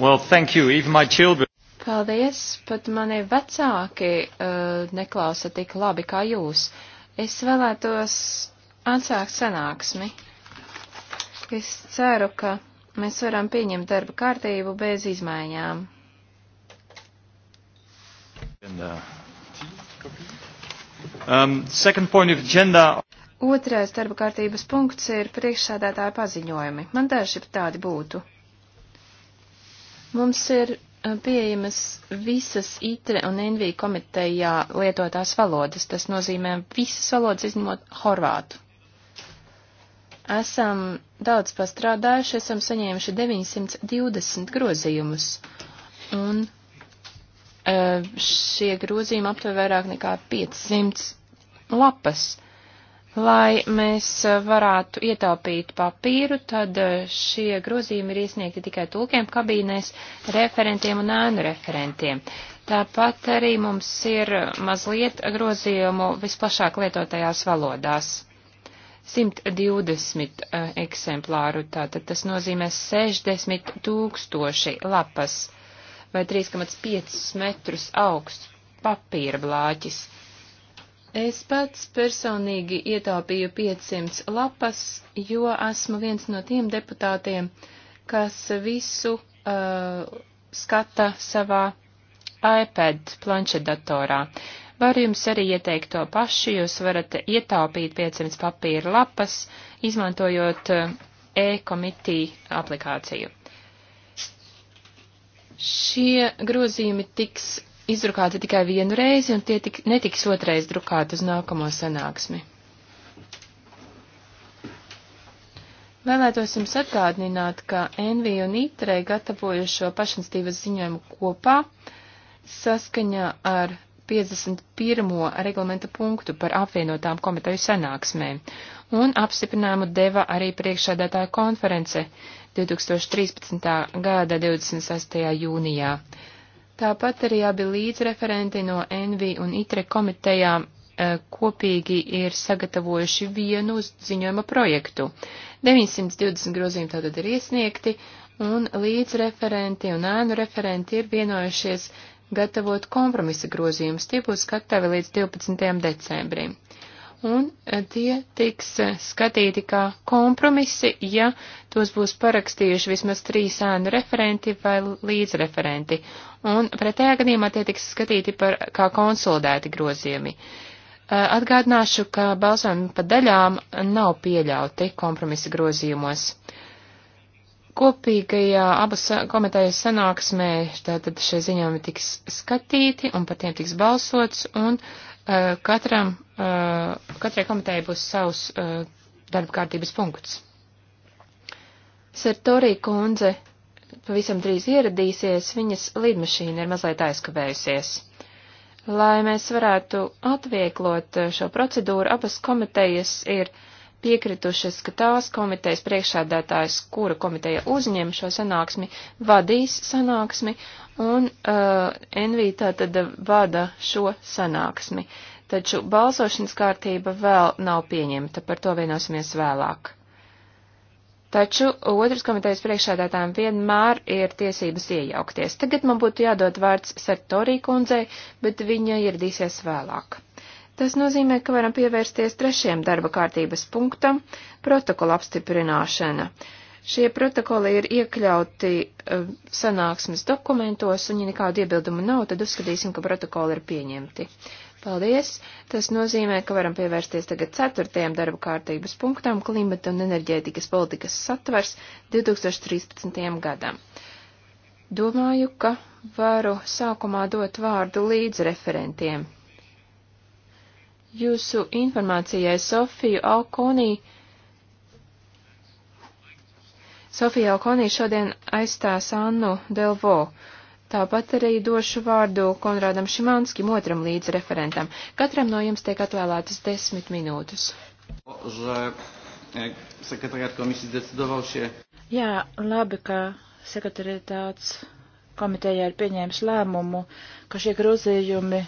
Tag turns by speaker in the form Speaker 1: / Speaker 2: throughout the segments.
Speaker 1: Well, thank you. Even my children.
Speaker 2: Paldies, pat mani vecāki uh, neklausa tik labi kā jūs. Es vēlētos atsākt sanāksmi. Es ceru, ka mēs varam pieņemt darba kārtību bez izmaiņām.
Speaker 1: And, uh,
Speaker 3: um, second point of agenda.
Speaker 2: Otrais darba kārtības punkts ir priekšsādātāja paziņojumi. Man daži tādi būtu. Mums ir eh, pieejamas visas ITRE un NV komitejā lietotās valodas. Tas nozīmē visas valodas izņemot horvātu. Esam daudz pastrādājuši, esam saņēmuši 920 grozījumus. Un eh, šie grozījumi aptver vairāk nekā 500 lapas. Lai mēs varētu ietaupīt papīru, tad šie grozījumi ir iesniegti tikai tulkiem kabīnēs, referentiem un ēnu referentiem. Tāpat arī mums ir mazliet grozījumu visplašāk lietotajās valodās. 120 uh, eh, eksemplāru, tātad tas nozīmē 60 tūkstoši lapas vai 3,5 metrus augsts papīra blāķis. Es pats personīgi ietaupīju 500 lapas, jo esmu viens no tiem deputātiem, kas visu uh, skata savā iPad planšetdatorā. Varu jums arī ieteikt to pašu, jūs varat ietaupīt 500 papīra lapas, izmantojot uh, e-komitī aplikāciju. Šie grozījumi tiks izdrukāti tikai vienu reizi, un tie tik, netiks otrais drukāti uz nākamo sanāksmi. Vēlētos jums atgādināt, ka NV un ITRE gatavoju šo pašnestības ziņojumu kopā saskaņā ar 51. reglamenta punktu par apvienotām komiteju sanāksmēm, un apstiprinājumu deva arī priekšādātāja konference 2013. gada 26. jūnijā. Tāpat arī abi līdzreferenti no NV un ITRE komitejām e, kopīgi ir sagatavojuši vienu ziņojuma projektu. 920 grozījumi tātad ir iesniegti, un līdzreferenti un ēnu referenti ir vienojušies gatavot kompromisa grozījumus. Tie būs gatavi līdz 12. decembrim un e, tie tiks e, skatīti kā kompromisi, ja tos būs parakstījuši vismaz trīs ēnu referenti vai līdzreferenti, un pretējā gadījumā tie tiks skatīti par, kā konsolidēti grozījumi. E, atgādināšu, ka balsojumi pa daļām nav pieļauti kompromisa grozījumos. Kopīgajā abas komitejas sanāksmē tātad šie ziņojumi tiks skatīti un par tiem tiks balsots, un uh, katram Eh, katrai komitejai būs savs eh, darba kārtības punkts. Sertorī kundze pavisam drīz ieradīsies, viņas līdmašīna ir mazliet aizkavējusies. Lai mēs varētu atvieglot eh, šo procedūru, abas komitejas ir piekritušas, ka tās komitejas priekšādātājs, kura komiteja uzņem šo sanāksmi, vadīs sanāksmi, un uh, NV tātad vada šo sanāksmi. Uh, taču balsošanas kārtība vēl nav pieņemta, par to vienosimies vēlāk. Taču otrs komitejas priekšsēdētājiem vienmēr ir tiesības iejaukties. Tagad man būtu jādod vārds Sartorī kundzei, bet viņa ieradīsies vēlāk. Tas nozīmē, ka varam pievērsties trešiem darba kārtības punktam - protokola apstiprināšana. Šie protokoli ir iekļauti uh, sanāksmes dokumentos, un ja nekādu iebildumu nav, tad uzskatīsim, ka protokoli ir pieņemti. Paldies! Tas nozīmē, ka varam pievērsties tagad ceturtajam darba kārtības punktam - klimata un enerģētikas politikas satvers 2013. gadam. Domāju, ka varu sākumā dot vārdu līdz referentiem. Jūsu informācijai Sofiju Alkonī. Sofija Alkonī šodien aizstās Annu Delvo. Tāpat arī došu vārdu Konrādam Šimanskim, otram līdzreferentam. Katram no jums tiek atvēlētas desmit minūtes.
Speaker 1: E,
Speaker 2: Jā, labi, ka sekretariatāts
Speaker 3: komitejā ir pieņēmis lēmumu, ka šie grozījumi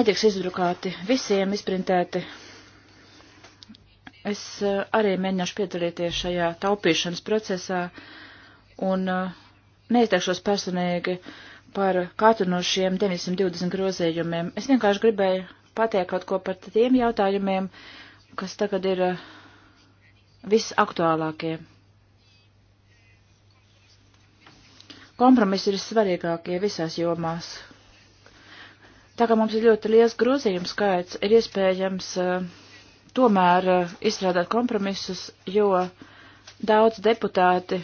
Speaker 3: netiks izdrukāti visiem izprintēti. Es e, arī mēģināšu piedalīties šajā taupīšanas procesā un uh, neizteikšos personīgi par katru no šiem 920 grozējumiem. Es vienkārši gribēju pateikt kaut ko par tiem jautājumiem, kas tagad ir eh, visaktuālākie. Kompromisi ir svarīgākie visās jomās. Tā kā mums ir ļoti liels grozījums skaits, ir iespējams uh, tomēr uh, izstrādāt kompromisus, jo daudz deputāti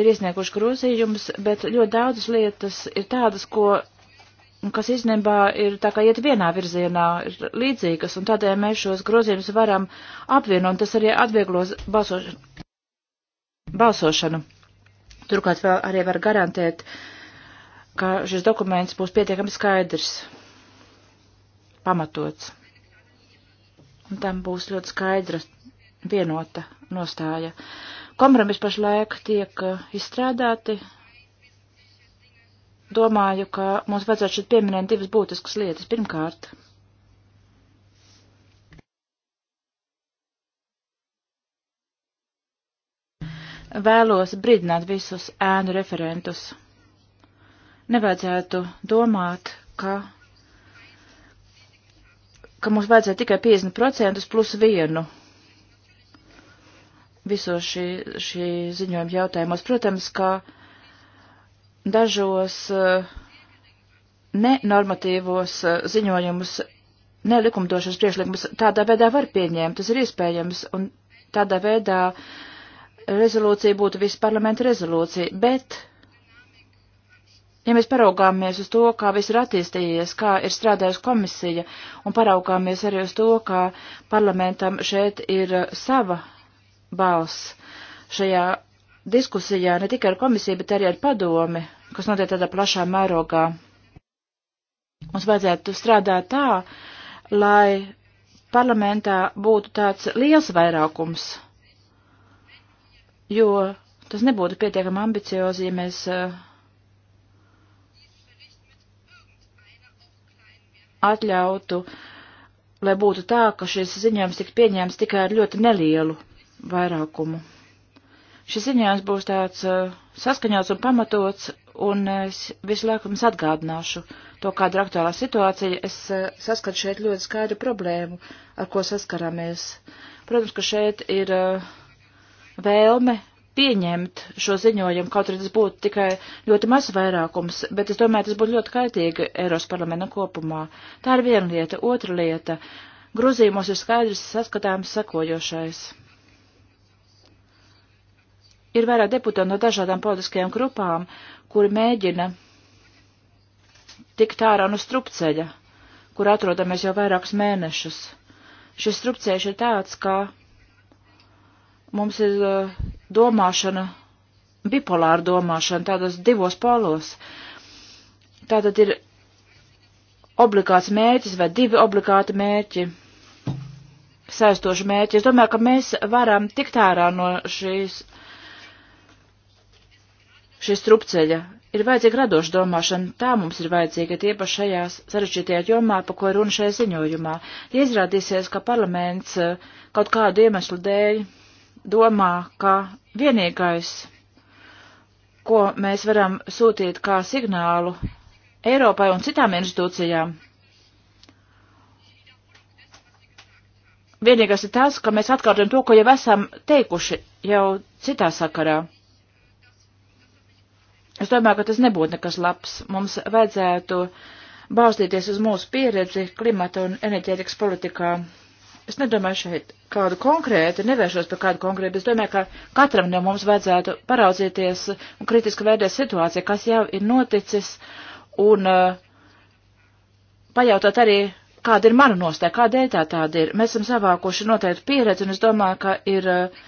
Speaker 3: ir iesnieguši grozījumus, bet ļoti daudzas lietas ir tādas, ko, kas īstenībā ir tā kā iet vienā virzienā, ir līdzīgas, un tādēļ mēs šos grozījumus varam apvienot, un tas arī atvieglos balsošanu. balsošanu. Turklāt vēl arī var garantēt, ka šis dokuments būs pietiekami skaidrs, pamatots. Un tam būs ļoti skaidra, vienota nostāja. Uh, Kompromis pašlaik tiek eh, izstrādāti. Domāju, ka mums vajadzētu šeit pieminēt divas būtiskas lietas. Pirmkārt, vēlos brīdināt visus ēnu referentus. Nevajadzētu domāt, ka, ka mums vajadzētu tikai 50% plus vienu visos šī, šī ziņojuma jautājumos. Protams, ka dažos eh, nenormatīvos eh, ziņojumus, nelikumdošanas priekšlikumus tādā veidā var pieņemt, tas ir iespējams, un tādā veidā rezolūcija būtu visu parlamentu rezolūcija, bet, ja mēs paraugāmies uz to, kā viss ir attīstījies, kā ir strādājusi komisija, un paraugāmies arī uz to, kā parlamentam šeit ir eh, sava balss šajā diskusijā ne tikai ar komisiju, bet arī ar padomi, kas notiek tādā plašā mērogā. Mums vajadzētu strādāt tā, lai parlamentā būtu tāds liels vairākums, jo tas nebūtu pietiekami ambiciozi, ja mēs eh, atļautu, lai būtu tā, ka šis ziņojums tik pieņēms tikai ar ļoti nelielu vairākumu. Šis ziņās būs tāds uh, saskaņots un pamatots, un es visu laiku jums atgādināšu to, kāda ir aktuālā situācija. Es uh, saskatu šeit ļoti skaidru problēmu, ar ko saskarāmies. Protams, ka šeit ir uh, vēlme pieņemt šo ziņojumu, kaut arī tas būtu tikai ļoti maz vairākums, bet es domāju, tas būtu ļoti kaitīgi Eiros parlamenta kopumā. Tā ir viena lieta. Otra lieta. Grūzījumos ir skaidrs saskatāms sakojošais ir vairāk deputāti no dažādām politiskajām grupām, kuri mēģina tikt ārā no strupceļa, kur atrodamies jau vairākus mēnešus. Šis strupceļš ir tāds, ka mums ir eh, domāšana, bipolāra domāšana, tādos divos polos. Tātad ir obligāts mērķis vai divi obligāti mērķi saistoši mērķi. Es domāju, ka mēs varam tikt ārā no šīs šī strupceļa. Ir vajadzīga radoša domāšana, tā mums ir vajadzīga tiepaši šajās sarežģītajā jomā, pa ko runa šajā ziņojumā. Ja izrādīsies, ka parlaments eh, kaut kādu iemeslu dēļ domā, ka vienīgais, ko mēs varam sūtīt kā signālu Eiropai un citām institūcijām, vienīgais ir tas, ka mēs atkārtojam to, ko jau esam teikuši jau citā sakarā. Es domāju, ka tas nebūtu nekas labs. Mums vajadzētu balstīties uz mūsu pieredzi klimata un enerģētikas politikā. Es nedomāju šeit kādu konkrētu, nevēršos par kādu konkrētu, es domāju, ka katram no mums vajadzētu paraudzīties un kritiski vērtēt situāciju, kas jau ir noticis, un uh, pajautāt arī, kāda ir mana nostāja, kādēļ tā tāda ir. Mēs esam savākuši noteikti pieredzi, un es domāju, ka ir. Uh,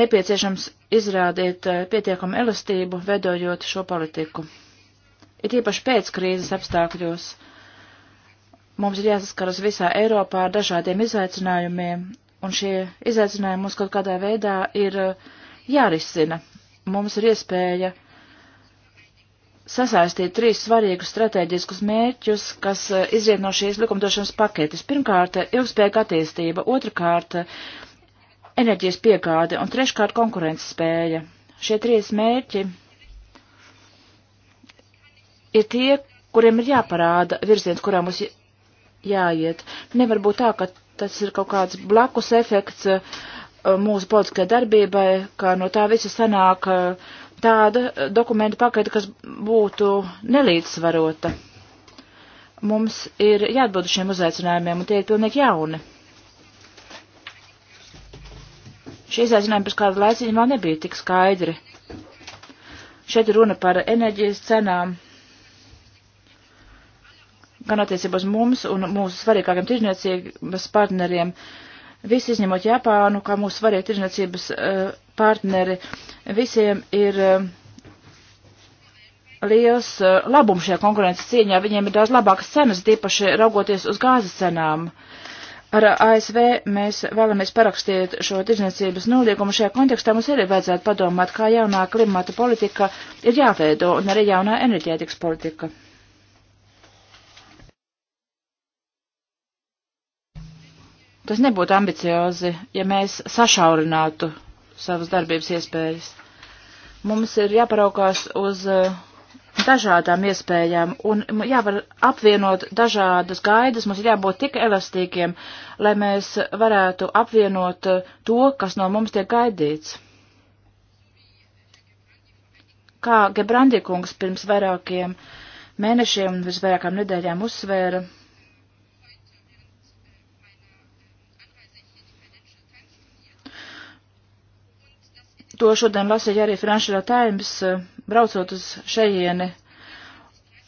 Speaker 3: nepieciešams izrādīt eh, pietiekamu elastību, vedojot šo politiku. Ir īpaši pēc krīzes apstākļos. Mums ir jāsaskaras visā Eiropā ar dažādiem izaicinājumiem, un šie izaicinājumi mums kaut kādā veidā ir eh, jārisina. Mums ir iespēja sasaistīt trīs svarīgus strateģiskus mērķus, kas eh, izriet no šīs likumdošanas paketes. Pirmkārt, ilgspējīga attīstība, otrkārt, enerģijas piegāde un treškārt konkurences spēja. Šie trīs mērķi ir tie, kuriem ir jāparāda virziens, kurā mums jāiet. Nevar būt tā, ka tas ir kaut kāds blakus efekts uh, mūsu politiskajai darbībai, ka no tā visa sanāk uh, tāda uh, dokumentu pakaita, kas būtu nelīdzsvarota. Mums ir jāatbild šiem uzaicinājumiem, un tie ir pilnīgi jauni. Šie izaicinājumi pēc kāda laiciņa vēl nebija tik skaidri. Šeit runa par enerģijas cenām, gan attiecībā uz mums un mūsu svarīgākiem tirzniecības partneriem. Visi izņemot Japānu, kā mūsu svarīgi tirzniecības eh, partneri, visiem ir eh, liels eh, labums šajā konkurences cīņā. Viņiem ir daudz labākas cenas, tīpaši raugoties uz gāzes cenām. Uh, Ar ASV mēs vēlamies parakstīt šo tirdzniecības noliegumu. Šajā kontekstā mums arī vajadzētu padomāt, kā jaunā klimata politika ir jāveido un arī jaunā enerģētikas politika. Tas nebūtu ambiciozi, ja mēs sašaurinātu savas darbības iespējas. Mums ir jāparaukās uz uh, dažādām iespējām un jāvar apvienot dažādas gaidas, mums ir jābūt tik elastīgiem, lai mēs varētu apvienot eh, to, kas no mums tiek gaidīts. Kā Gebrandikungs pirms vairākiem mēnešiem un visvairākām nedēļām uzsvēra, to šodien lasīja arī Financial Times eh, braucot uz šejieni,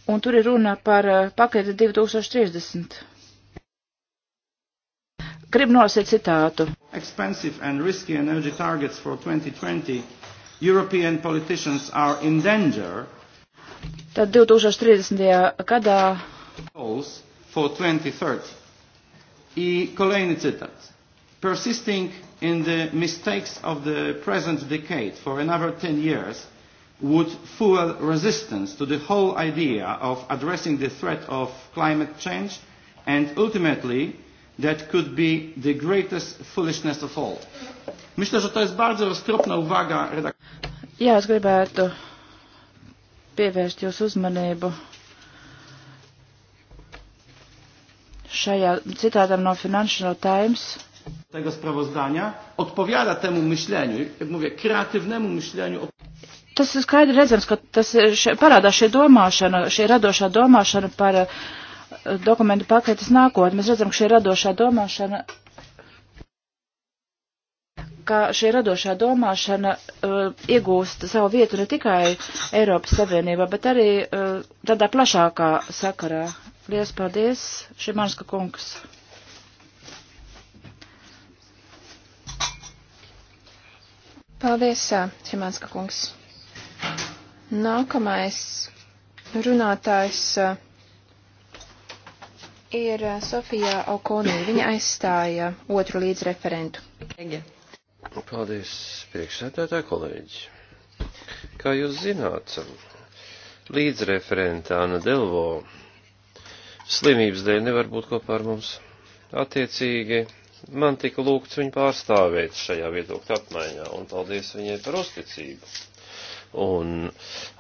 Speaker 3: un tur ir runa par eh, paketi 2030.
Speaker 1: Gribu nolasīt citātu. Expensive and risky energy targets for 2020 European politicians are in danger.
Speaker 3: Tad 2030. gadā.
Speaker 1: Goals for 2030. I kolejny cytat. Persisting in the mistakes of the present decade for another 10 years would fuel resistance to the whole idea of addressing the threat of climate change and ultimately that could be the greatest foolishness of all. Myślę, że to jest bardzo roztropna uwaga redaktora.
Speaker 3: Jā, es gribētu pievērst jūsu uzmanību šajā citātam no Financial Times
Speaker 1: tego sprawozdania odpowiada temu myśleniu, jak mówię, kreatywnemu myśleniu
Speaker 3: tas ir skaidri redzams, ka tas še, parādās šī domāšana, šī radošā domāšana par uh, dokumentu paketes nākotni. Mēs redzam, ka šī radošā domāšana ka šī radošā domāšana uh, iegūst savu vietu ne tikai Eiropas Savienībā, bet arī uh, tādā plašākā sakarā. Lielas paldies, Šimanska kungs!
Speaker 2: Paldies, Šimanska kungs! Nākamais runātājs eh, ir eh, Sofija Okonī. Viņa aizstāja otru līdzreferentu.
Speaker 1: Paldies, priekšsēdētāji kolēģi. Kā jūs zināt, līdzreferenta Ana Delvo slimības dēļ nevar būt kopā ar mums. Attiecīgi, man tika lūgts viņu pārstāvēt šajā viedokļa apmaiņā, un paldies viņai par uzticību un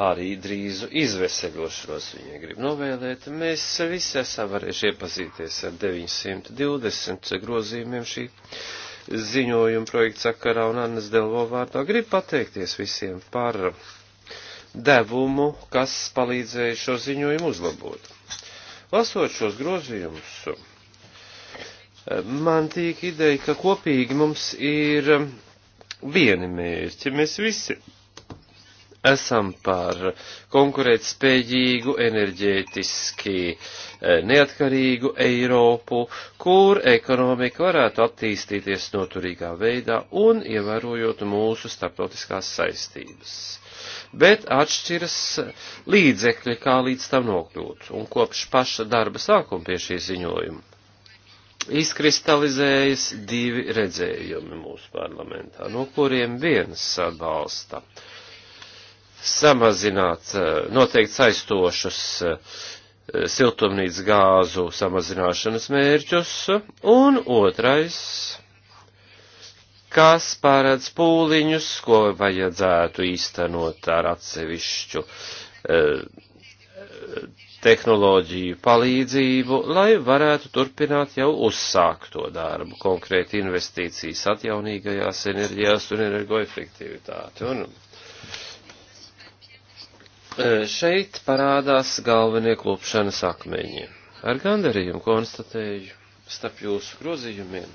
Speaker 1: arī drīzu izveseļošanos viņai grib novēlēt. Mēs visi esam varējuši iepazīties ar 920 grozījumiem šī ziņojuma projekta sakarā un Annas Delvo vārdā. Gribu pateikties visiem par devumu, kas palīdzēja šo ziņojumu uzlabot. Lasot šos grozījumus, man tiek ideja, ka kopīgi mums ir vieni mērķi. Mēs visi esam par konkurētspējīgu, enerģētiski eh, neatkarīgu Eiropu, kur ekonomika varētu attīstīties noturīgā veidā un ievērojot mūsu starptautiskās saistības. Bet atšķiras līdzekļi, kā līdz tam nokļūt, un kopš paša darba sākuma pie šī ziņojuma izkristalizējas divi redzējumi mūsu parlamentā, no kuriem viens atbalsta uh, samazināt eh, noteikti saistošus eh, siltumnīcas gāzu samazināšanas mērķus, un otrais, kas pārēdz pūliņus, ko vajadzētu īstenot ar atsevišķu eh, tehnoloģiju palīdzību, lai varētu turpināt jau uzsākto darbu, konkrēti investīcijas atjaunīgajās enerģijās un energoefektivitāti. Un Šeit parādās galvenie klupšanas akmeņi. Ar gandarījumu konstatēju starp jūsu grozījumiem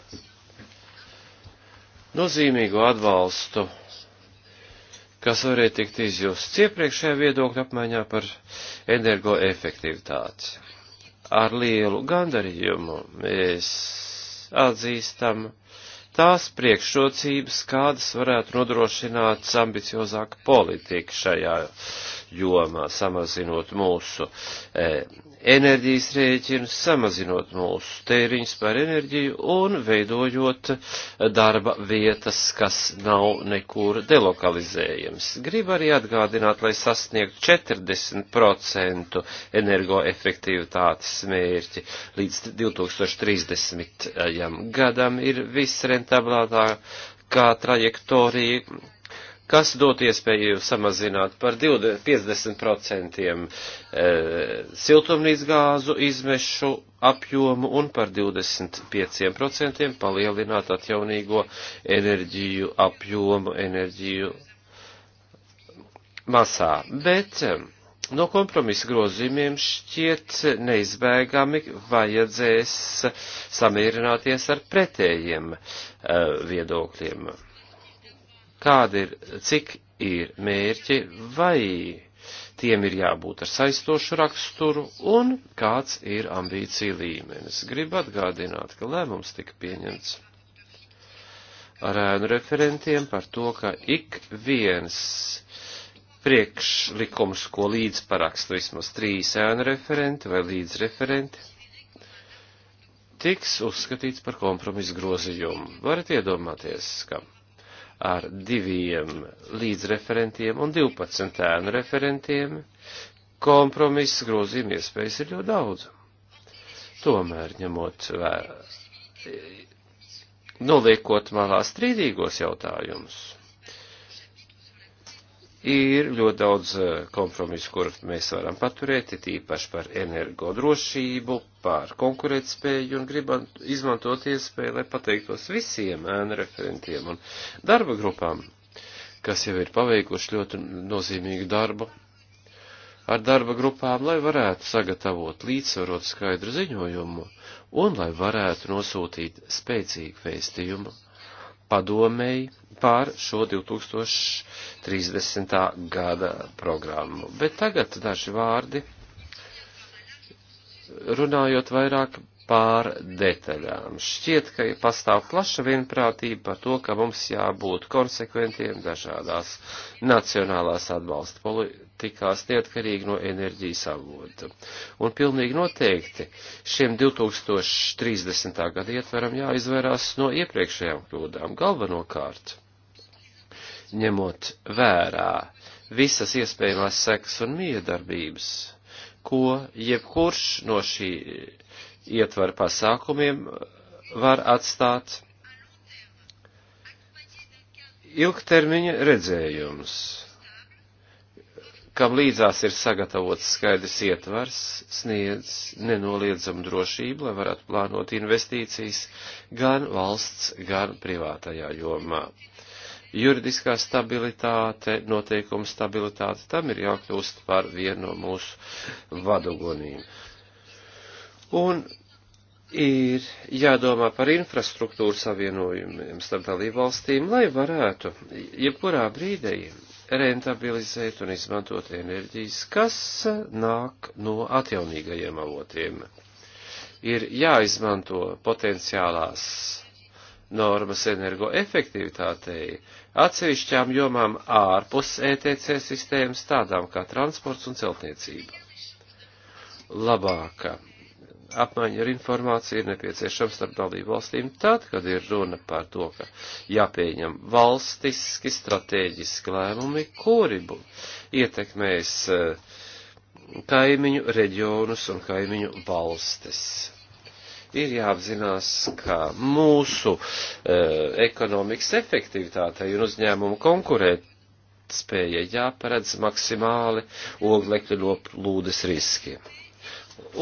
Speaker 1: nozīmīgu atbalstu, kas varēja tikt izjusts iepriekšējā viedokļa apmaiņā par energoefektivitāti. Ar lielu gandarījumu mēs atzīstam tās priekšrocības, kādas varētu nodrošināt ambiciozāka politika šajā jomā, samazinot mūsu e, enerģijas rēķinus, samazinot mūsu tēriņus par enerģiju un veidojot darba vietas, kas nav nekur delokalizējams. Gribu arī atgādināt, lai sasniegtu 40% energoefektivitātes mērķi līdz 2030. gadam ir visrentablātākā trajektorija kas dot iespēju samazināt par 20, 50% eh, siltumnīcgāzu izmešu apjomu un par 25% palielināt atjaunīgo enerģiju apjomu, enerģiju masā. Bet eh, no kompromisa grozījumiem šķiet neizbēgami vajadzēs samierināties ar pretējiem uh, viedokļiem kāda ir, cik ir mērķi, vai tiem ir jābūt ar saistošu raksturu un kāds ir ambīcija līmenis. Gribu atgādināt, ka lēmums tika pieņemts ar ēnu referentiem par to, ka ik viens priekšlikums, ko līdz paraksta vismaz trīs ēnu referenti vai līdz referenti, tiks uzskatīts par kompromisu grozījumu. Varat iedomāties, ka ar diviem līdzreferentiem un 12 ēnu referentiem. Kompromiss grozījuma iespējas ir ļoti daudz. Tomēr, ņemot vērā, noliekot malā strīdīgos jautājumus, Ir ļoti daudz eh, kompromisu, kur mēs varam paturēt, ir īpaši par energodrošību, par konkurētspēju un gribam izmantot iespēju, lai pateiktos visiem ēnu referentiem un darba grupām, kas jau ir paveikuši ļoti nozīmīgu darbu ar darba grupām, lai varētu sagatavot līdzsvarot skaidru ziņojumu un lai varētu nosūtīt spēcīgu vēstījumu padomēji pār šo 2030. gada programmu. Bet tagad daži vārdi, runājot vairāk pār detaļām. Šķiet, ka pastāv plaša vienprātība par to, ka mums jābūt konsekventiem dažādās nacionālās atbalsta politikās, neatkarīgi no enerģijas avota. Un pilnīgi noteikti šiem 2030. gada ietveram jāizvairās no iepriekšējām kļūdām galvenokārt ņemot vērā visas iespējamās seks un miedarbības, ko jebkurš no šī ietvara pasākumiem var atstāt ilgtermiņa redzējums, kam līdzās ir sagatavots skaidrs ietvars, sniedz nenoliedzamu drošību, lai varētu plānot investīcijas gan valsts, gan privātajā jomā juridiskā stabilitāte, noteikuma stabilitāte, tam ir jākļūst par vienu no mūsu vadogonīm. Un ir jādomā par infrastruktūru savienojumiem starp dalībvalstīm, lai varētu jebkurā brīdī rentabilizēt un izmantot enerģijas, kas nāk no atjaunīgajiem avotiem. Ir jāizmanto potenciālās normas energoefektivitātei atsevišķām jomām ārpus ETC sistēmas, tādām kā transports un celtniecība. Labāka apmaiņa ar informāciju ir nepieciešama starp dalību valstīm tad, kad ir runa par to, ka jāpieņem valstiski strateģiski lēmumi, kuri ietekmēs eh, kaimiņu reģionus un kaimiņu valstis ir jāapzinās, ka mūsu uh, ekonomikas efektivitātei un uzņēmumu konkurēt spēja jāparedz maksimāli oglekļa noplūdes riskiem.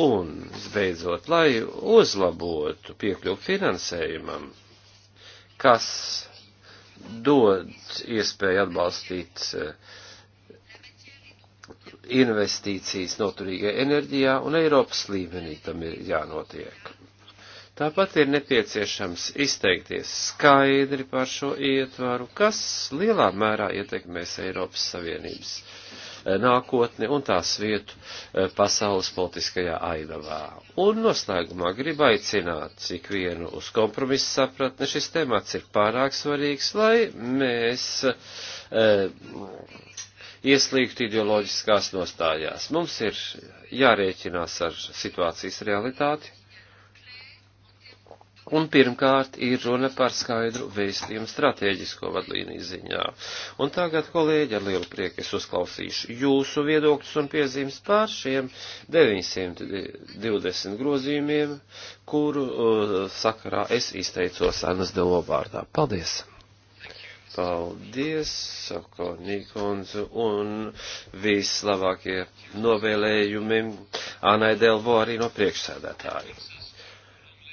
Speaker 1: Un, visbeidzot, lai uzlabotu piekļuvu finansējumam, kas dod iespēju atbalstīt e, investīcijas noturīgai enerģijā un Eiropas līmenī tam ir jānotiek. Tāpat ir nepieciešams izteikties skaidri par šo ietvaru, kas lielā mērā ietekmēs Eiropas Savienības eh, nākotni un tās vietu eh, pasaules politiskajā aidavā. Un noslēgumā gribu aicināt ikvienu uz kompromisu sapratni. Šis temats ir pārāk svarīgs, lai mēs. Eh, ieslīgt ideoloģiskās nostājās. Mums ir jārēķinās ar situācijas realitāti, Un pirmkārt ir runa par skaidru vēstījumu strateģisko vadlīniju ziņā. Un tagad, kolēģi, ar lielu prieku es uzklausīšu jūsu viedokļus un piezīmes pār šiem 920 grozījumiem, kuru uh, sakarā es izteicos Anas Delo vārdā. Paldies! Paldies, saka Nikonzu, un vislabākie novēlējumi Anai Delvo arī no priekšsēdētājiem.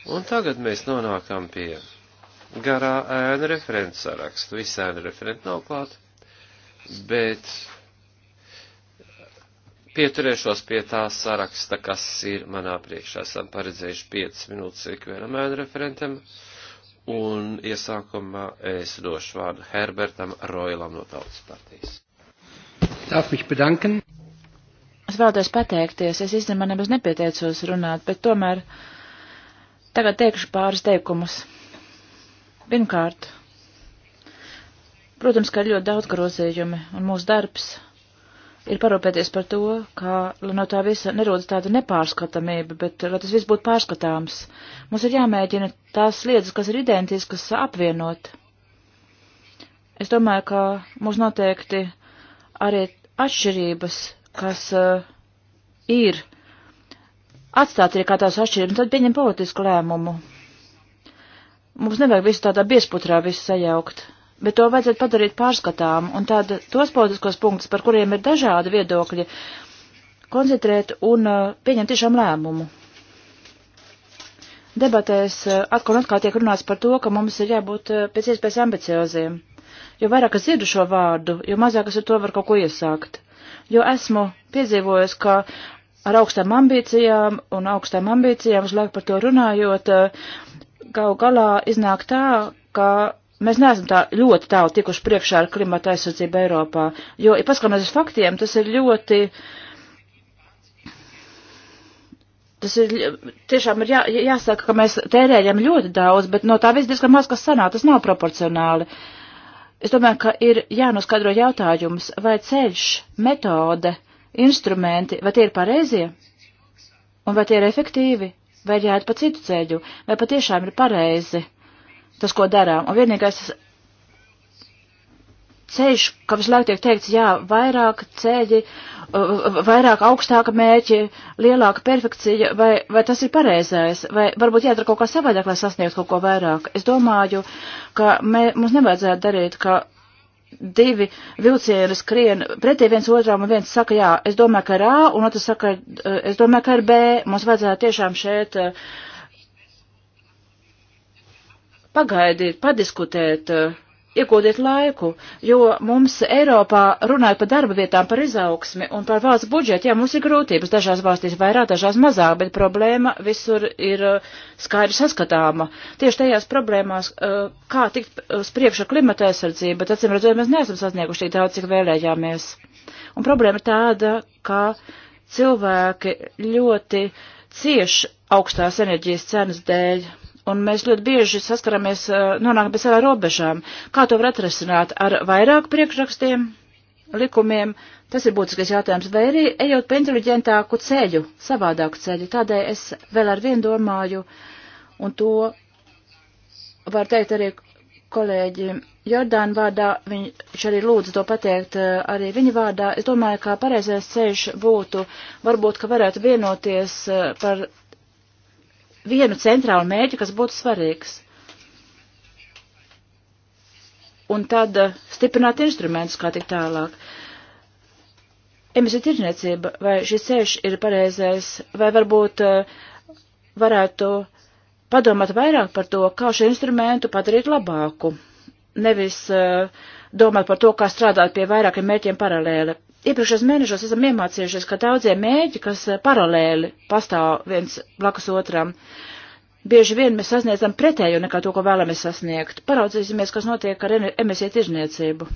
Speaker 1: Un tagad mēs nonākam pie garā ēna referents sarakstu. Visi ēna referenti nav klāt, bet pieturēšos pie tā saraksta, kas ir manā priekšā. Esam paredzējuši 5 minūtes ikvienam ēna referentam. Un iesākumā es došu vārdu Herbertam Roilam no Tautas partijas. Darf mich bedanken.
Speaker 3: Es vēlētos pateikties, es īstenībā nebūs nepieteicos runāt, bet tomēr uh, Tagad teikšu pāris teikumus. Pirmkārt, protams, ka ir ļoti daudz grozījumi, un mūsu darbs ir parūpēties par to, ka, lai no tā visa nerodas tāda nepārskatamība, bet lai tas viss būtu pārskatāms, mums ir jāmēģina tās lietas, kas ir identiskas, apvienot. Es domāju, ka mums noteikti arī atšķirības, kas uh, ir atstāt arī kā tās atšķirības, tad pieņem politisku lēmumu. Mums nevajag visu tādā biesputrā visu sajaukt, bet to vajadzētu padarīt pārskatām, un tāda tos politiskos punktus, par kuriem ir dažādi viedokļi, koncentrēt un uh, pieņemt tiešām lēmumu debatēs uh, atkal un atkal tiek runāts par to, ka mums ir jābūt uh, pēc iespējas ambicioziem. Jo vairāk es dzirdu šo vārdu, jo mazāk es ar to varu kaut ko iesākt. Jo esmu piedzīvojis, ka ar augstām ambīcijām un augstām ambīcijām, uzlaik par to runājot, eh, gau galā iznāk tā, ka mēs neesam tā ļoti tālu tikuši priekšā ar klimata aizsardzību Eiropā, jo, ja paskatāmies uz faktiem, tas ir ļoti. Tas ir tiešām ir jā, jāsaka, ka mēs tērējam ļoti daudz, bet no tā viss diezgan maz, kas sanāk, tas nav proporcionāli. Es domāju, ka ir jānoskaidro jautājums, vai ceļš, metode, instrumenti, vai tie ir pareizie? Un vai tie ir efektīvi? Vai jāiet pa citu ceļu? Vai patiešām ir pareizi tas, ko darām? Un vienīgais ceļš, ka visu laiku tiek teikts, jā, vairāk ceļi, uh, vairāk augstāka mērķi, lielāka perfekcija, vai, vai tas ir pareizais, vai varbūt jādara kaut kā savādāk, lai sasniegtu kaut ko vairāk. Es domāju, ka mē, mums nevajadzētu darīt, ka divi vilcieni skrien pretī viens otram, un viens saka, jā, es domāju, ka ir A, un otrs saka, eh, es domāju, ka ir B. Mums vajadzētu tiešām šeit eh, pagaidīt, padiskutēt, eh, iegūdiet laiku, jo mums Eiropā runāja par darba vietām, par izaugsmi un par valsts budžetu. Jā, mums ir grūtības dažās valstīs vairāk, dažās mazāk, bet problēma visur ir uh, skaidri saskatāma. Tieši tajās problēmās, uh, kā tikt uh, uz priekšu klimata aizsardzību, bet acīm redzot, mēs neesam sasnieguši tik daudz, cik vēlējāmies. Un problēma ir tāda, ka cilvēki ļoti cieši augstās enerģijas cenas dēļ un mēs ļoti bieži saskaramies, eh, nonākam pie savām robežām. Kā to var atrasināt? Ar vairāk priekšrakstiem, likumiem? Tas ir būtiskais jautājums. Vai arī ejot pa inteliģentāku ceļu, savādāku ceļu? Tādēļ es vēl ar vienu domāju, un to var teikt arī kolēģi Jordāna vārdā, viņš arī lūdzu to pateikt eh, arī viņa vārdā. Es domāju, ka pareizais ceļš būtu varbūt, ka varētu vienoties eh, par vienu centrālu mērķi, kas būtu svarīgs. Un tad eh, stiprināt instrumentus, kā tik tālāk. Emisija tirdzniecība, vai šis ceļš ir pareizais, vai varbūt eh, varētu padomāt vairāk par to, kā šo instrumentu padarīt labāku. Nevis uh, domāt par to, kā strādāt pie vairākiem mērķiem paralēli iepriekšējos mēnešos esam iemācījušies, ka daudzie mēģi, kas eh, paralēli pastāv viens blakus otram, bieži vien mēs sasniedzam pretēju nekā to, ko vēlamies sasniegt. Paraudzīsimies, kas notiek ar emisiju tirzniecību.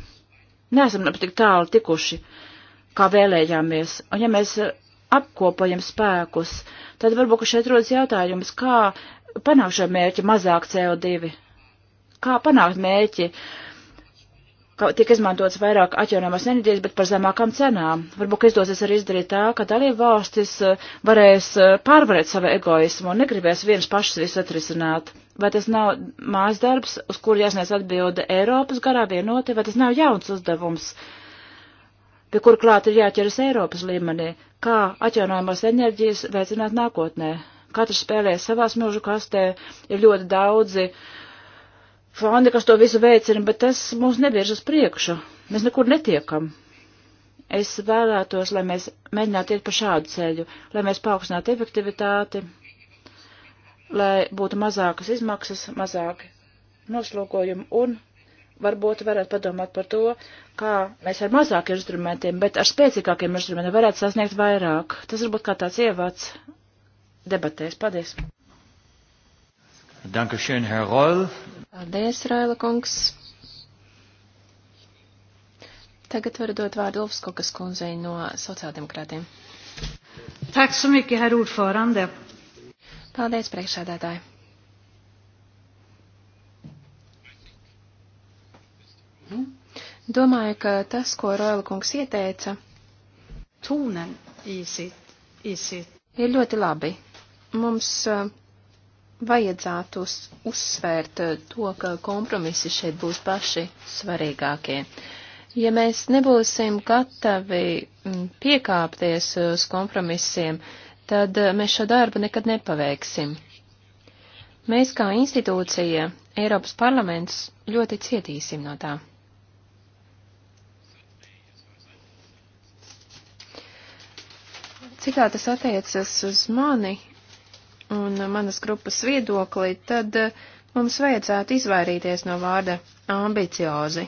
Speaker 3: Nesam nav tik tālu tikuši, kā vēlējāmies. Un ja mēs eh, apkopojam spēkus, tad varbūt šeit rodas jautājums, kā panākt šo mērķi mazāk CO2? Kā panākt mērķi? Uh, ka tiek izmantots vairāk atjaunojamās enerģijas, bet par zemākām cenām. Varbūt izdosies arī izdarīt tā, ka dalība valstis eh, varēs eh, pārvarēt savu egoismu un negribēs viens pašs visu atrisināt. Vai tas nav mājas darbs, uz kur jāsniedz atbilde Eiropas garā vienoti, vai tas nav jauns uzdevums, pie kur klāt ir jāķeras Eiropas līmenī, kā atjaunojamās enerģijas veicināt nākotnē. Katrs spēlē savās milžu kastē, ir ļoti daudzi uh, fondi, kas to visu veicina, bet tas mūs nevirž uz priekšu. Mēs nekur netiekam. Es vēlētos, lai mēs mēģinātu iet pa šādu ceļu, lai mēs paaugstinātu efektivitāti, lai būtu mazākas izmaksas, mazāk noslogojumu un varbūt varētu padomāt par to, kā mēs ar mazākiem instrumentiem, bet ar spēcīgākiem instrumentiem varētu sasniegt vairāk. Tas varbūt kā tāds ievads debatēs. Paldies!
Speaker 1: Dankeschön, Herr Roil.
Speaker 2: Paldies, Raila kungs. Tagad varu dot vārdu Ulfskokas kundzei no sociāldemokrātiem. Tak så mycket, herr ordförande. Paldies, priekšsēdētāji. Domāju, ka tas, ko Roila kungs ieteica, tūnen īsit, īsit. ir ļoti labi. Mums uh, vajadzētu uzsvērt eh, to, ka kompromisi šeit būs paši svarīgākie. Ja mēs nebūsim gatavi piekāpties uz kompromisiem, tad eh, mēs šo darbu nekad nepaveiksim. Mēs kā institūcija, Eiropas parlaments, ļoti cietīsim no tā. Cik tā tas attiecas uz mani, un manas grupas viedoklī, tad eh, mums vajadzētu izvairīties no vārda ambiciozi.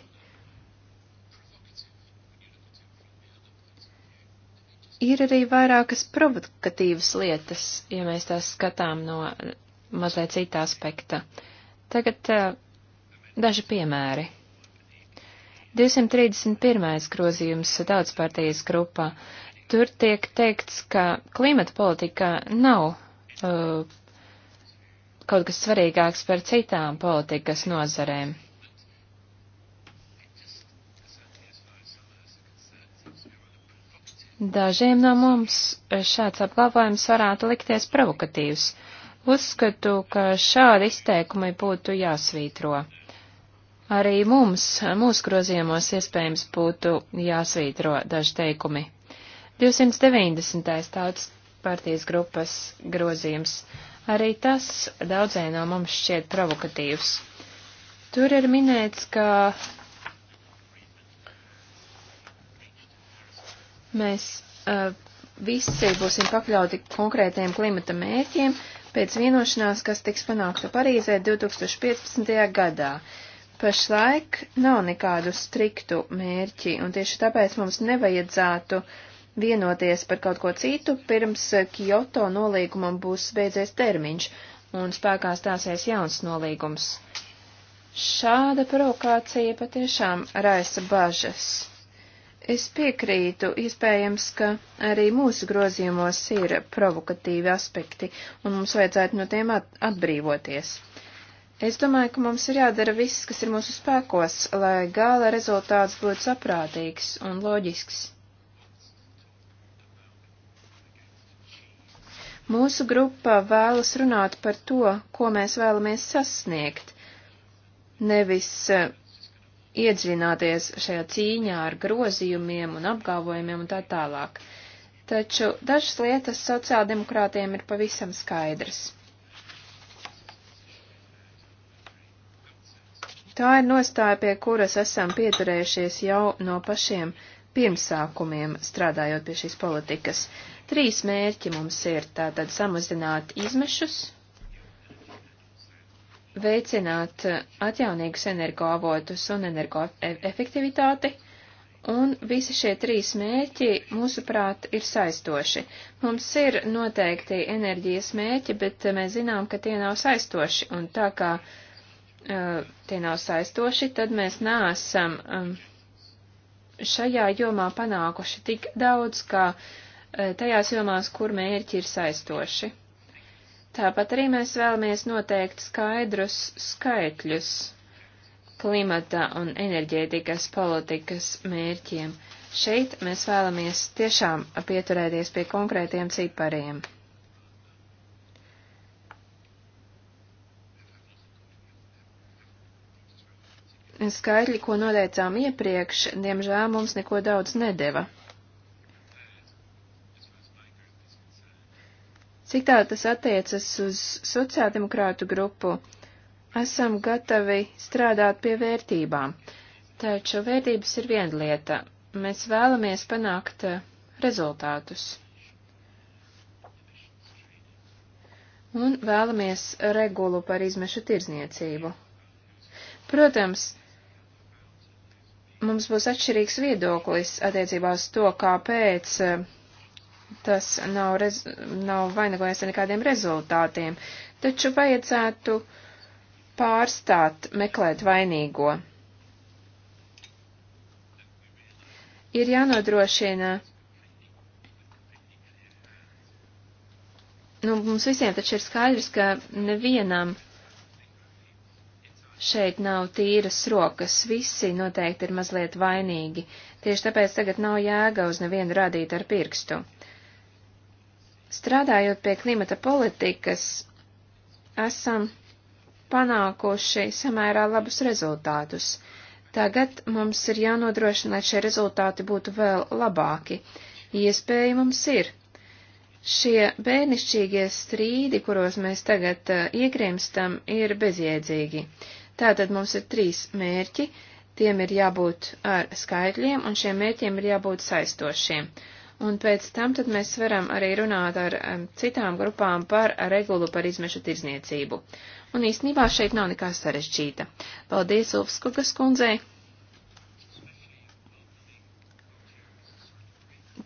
Speaker 2: Ir arī vairākas provokatīvas lietas, ja mēs tās skatām no mazliet cita aspekta. Tagad eh, daži piemēri. 231. grozījums daudzpartijas grupā. Tur tiek teikts, ka klimata politika nav uh, kaut kas svarīgāks par citām politikas nozarēm. Dažiem no mums šāds apgalvojums varētu likties provokatīvs. Uzskatu, ka šādi izteikumi būtu jāsvītro. Arī mums, mūsu grozījumos iespējams būtu jāsvītro daži teikumi. 290. tautas partijas grupas grozījums. Arī tas daudzai no mums šķiet provokatīvs. Tur ir minēts, ka mēs uh, visi būsim pakļauti konkrētiem klimata mērķiem pēc vienošanās, kas tiks panākta Parīzē 2015. gadā. Pašlaik nav nekādu striktu mērķi, un tieši tāpēc mums nevajadzētu uh, vienoties par kaut ko citu, pirms Kyoto nolīgumam būs beidzies termiņš un spēkā stāsies jauns nolīgums. Šāda provokācija patiešām raisa bažas. Es piekrītu, iespējams, ka arī mūsu grozījumos ir provokatīvi aspekti, un mums vajadzētu no tiem at atbrīvoties. Es domāju, ka mums ir jādara viss, kas ir mūsu spēkos, lai gala rezultāts būtu saprātīgs un loģisks. Mūsu grupa vēlas runāt par to, ko mēs vēlamies sasniegt, nevis e, iedziļināties šajā cīņā ar grozījumiem un apgalvojumiem un tā tālāk. Taču dažas lietas sociāldemokrātiem ir pavisam skaidras. Tā ir nostāja, pie kuras esam pieturējušies jau no pašiem pirmsākumiem strādājot pie šīs politikas. Trīs mērķi mums ir tātad samazināt izmešus, veicināt atjaunīgus energoavotus un energoefektivitāti. Un visi šie trīs mērķi, mūsuprāt, ir saistoši. Mums ir noteikti enerģijas mērķi, bet mēs zinām, ka tie nav saistoši. Un tā kā uh, tie nav saistoši, tad mēs neesam um, uh, šajā jomā panākuši tik daudz, kā e, tajās jomās, kur mērķi ir saistoši. Tāpat arī mēs vēlamies noteikt skaidrus skaitļus klimata un enerģētikas politikas mērķiem. Šeit mēs vēlamies tiešām pieturēties pie konkrētiem cipariem. Skaidri, ko noteicām iepriekš, diemžēl mums neko daudz nedeva. Cik tā tas attiecas uz sociāldemokrātu grupu, esam gatavi strādāt pie vērtībām, taču vērtības ir viena lieta. Mēs vēlamies panākt eh, rezultātus. Un vēlamies regulu par izmešu tirzniecību. Protams, mums būs atšķirīgs viedoklis attiecībā uz to, kāpēc eh, tas nav, rez, nav vainagojies ar nekādiem rezultātiem, taču vajadzētu pārstāt meklēt vainīgo. Ir jānodrošina, nu, mums visiem taču ir skaidrs, ka nevienam Šeit nav tīras rokas, visi noteikti ir mazliet vainīgi, tieši tāpēc tagad nav jēga uz nevienu radīt ar pirkstu. Strādājot pie klimata politikas, esam panākuši samērā labus rezultātus. Tagad mums ir jānodrošina, lai šie rezultāti būtu vēl labāki. Iespēja mums ir. Šie bērnišķīgie strīdi, kuros mēs tagad uh, iegrimstam, ir bezjēdzīgi. Tātad mums ir trīs mērķi, tiem ir jābūt ar skaidriem, un šiem mērķiem ir jābūt saistošiem. Un pēc tam tad mēs varam arī runāt ar um, citām grupām par regulu par izmešu tirzniecību. Un īstenībā šeit nav nekā sarežģīta. Paldies Ulfskugas kundzei!